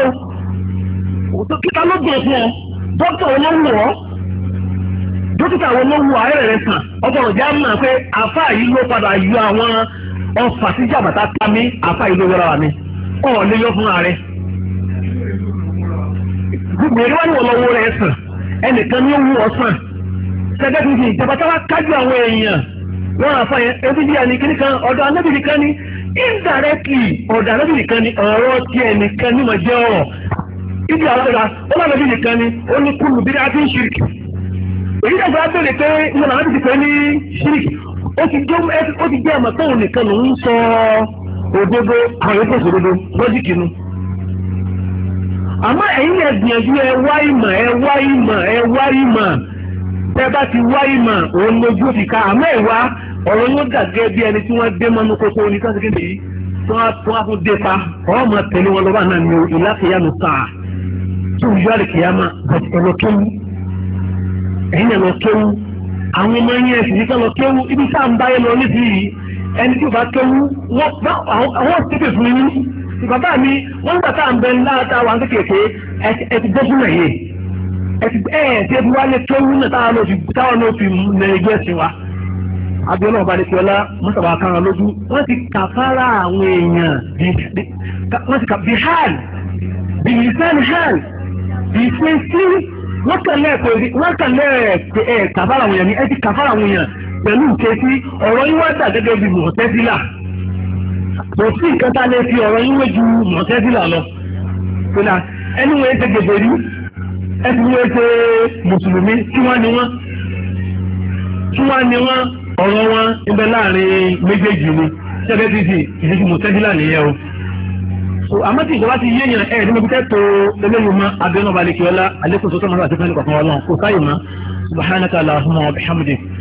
o kíkà ló gbẹ̀ e fún ọ dókítà wo ló ń wọ̀ dókítà wo ló ń wọ ayé rẹ̀ sàn ọgbọ̀rọ̀ já mọ̀ pé àfa yìí ló padà yọ àwọn ọfà sí jàbàtà ká mi àfa yìí ló wọ́ra mi ọ̀ lè yọ fún ààrẹ. gbogbo ẹni wọn ni wọn lọ wo rẹ sàn ẹnìkan ni ó wú ọ sàn gẹ́gẹ́ bí ti ìjọba táwa kájú àwọn èèyàn wọn àfa yẹn ẹbí bíi àníkíní kan ọ̀dọ̀ anábìrì kan ni indirectly ọ̀dọ̀ anábìrì kan ni ọ̀rọ̀ tiẹ̀ nìkan ni mà jẹ́ ọ̀rọ̀ ibi àwọn ọ̀dà ó lọ́nà bí nìkan ni ó ní kúlù bí a ti ń ṣiriki èyí dàgbà abẹ́rẹ́ pé wọn àwọn ti pè ní ṣiriki ó ti jẹ́ ó ti jẹ́ àmọ́ pé òun nìkan ló ń sọ òdodo àwọn yóò fèsì òdodo lọ́jìkì nu. àmọ́ ẹ̀yin lè gbìyànjú ẹ wá ìmọ̀ ẹ wá ìmọ̀ ẹ wá ìmọ̀ bá ti wá ìmọ̀ òun lójú ka àmọ́ ìwà ọ̀rọ̀ ló bí ẹni tí wọ́n dé mọ́nú kókó ní tí wọ́n fún tẹ̀lé wọn lọ́wọ́ àná ni ìlà kìyàmù sáà tó ń yọrí ẹ̀yin ẹ̀lọ́ kéwú kéwú lọ bàbá mi wọ́n gbà tá à ń bẹ láàtà wa kékeré ẹ ti gbósùnà yìí ẹ ti ẹ ẹ ti wálé kéwú náà táwọn náà fi táwọn náà fi nà ẹgbẹ́ sí wa abiola ọbalẹsọlá mọsàbà kan lójú wọ́n ti kàfàrà àwọn èèyàn wọ́n ti kà bí hàn bí ìsàn hàn bí ìfẹsí wọ́n kàlẹ́ ẹ̀kọ́ wọ́n kàlẹ́ ẹ̀ kàfàrà àwọn èèyàn ni ẹ ti kàfàrà àwọn èèyàn pẹ̀lú ìkẹsí ọ̀rọ̀ yín wá dà gẹ́gẹ́ bí mọ̀tẹ́sílà kò sí nǹkan tá a lè fi ọ̀rọ̀ yín wé ju mọ̀tẹ́sílà lọ kódà ẹni wọ́n ṣe gbèsè rí ẹni wọ́n ṣe mùsùlùmí tí wọ́n ni wọ́n tí wọ́n ni wọ́n ọ̀rọ̀ wọn ibẹ̀ láàrin méjèèjì ni ṣẹ́fẹ́ ti di ìdíjú mọ̀tẹ́sílà nìyẹn o so àmọ́ tí ìjọba ti yéèyàn ẹ̀ ní mọ̀kútẹ́ tó eléyìí mọ́ abẹ́nú balẹ̀ kí ọlá alẹ́kùn tó tọ́ mọ́ àti fẹ́ẹ́ nìkan kan wọn lọ kò sáyè mọ́ subhanaka allahumma wa bihamdi.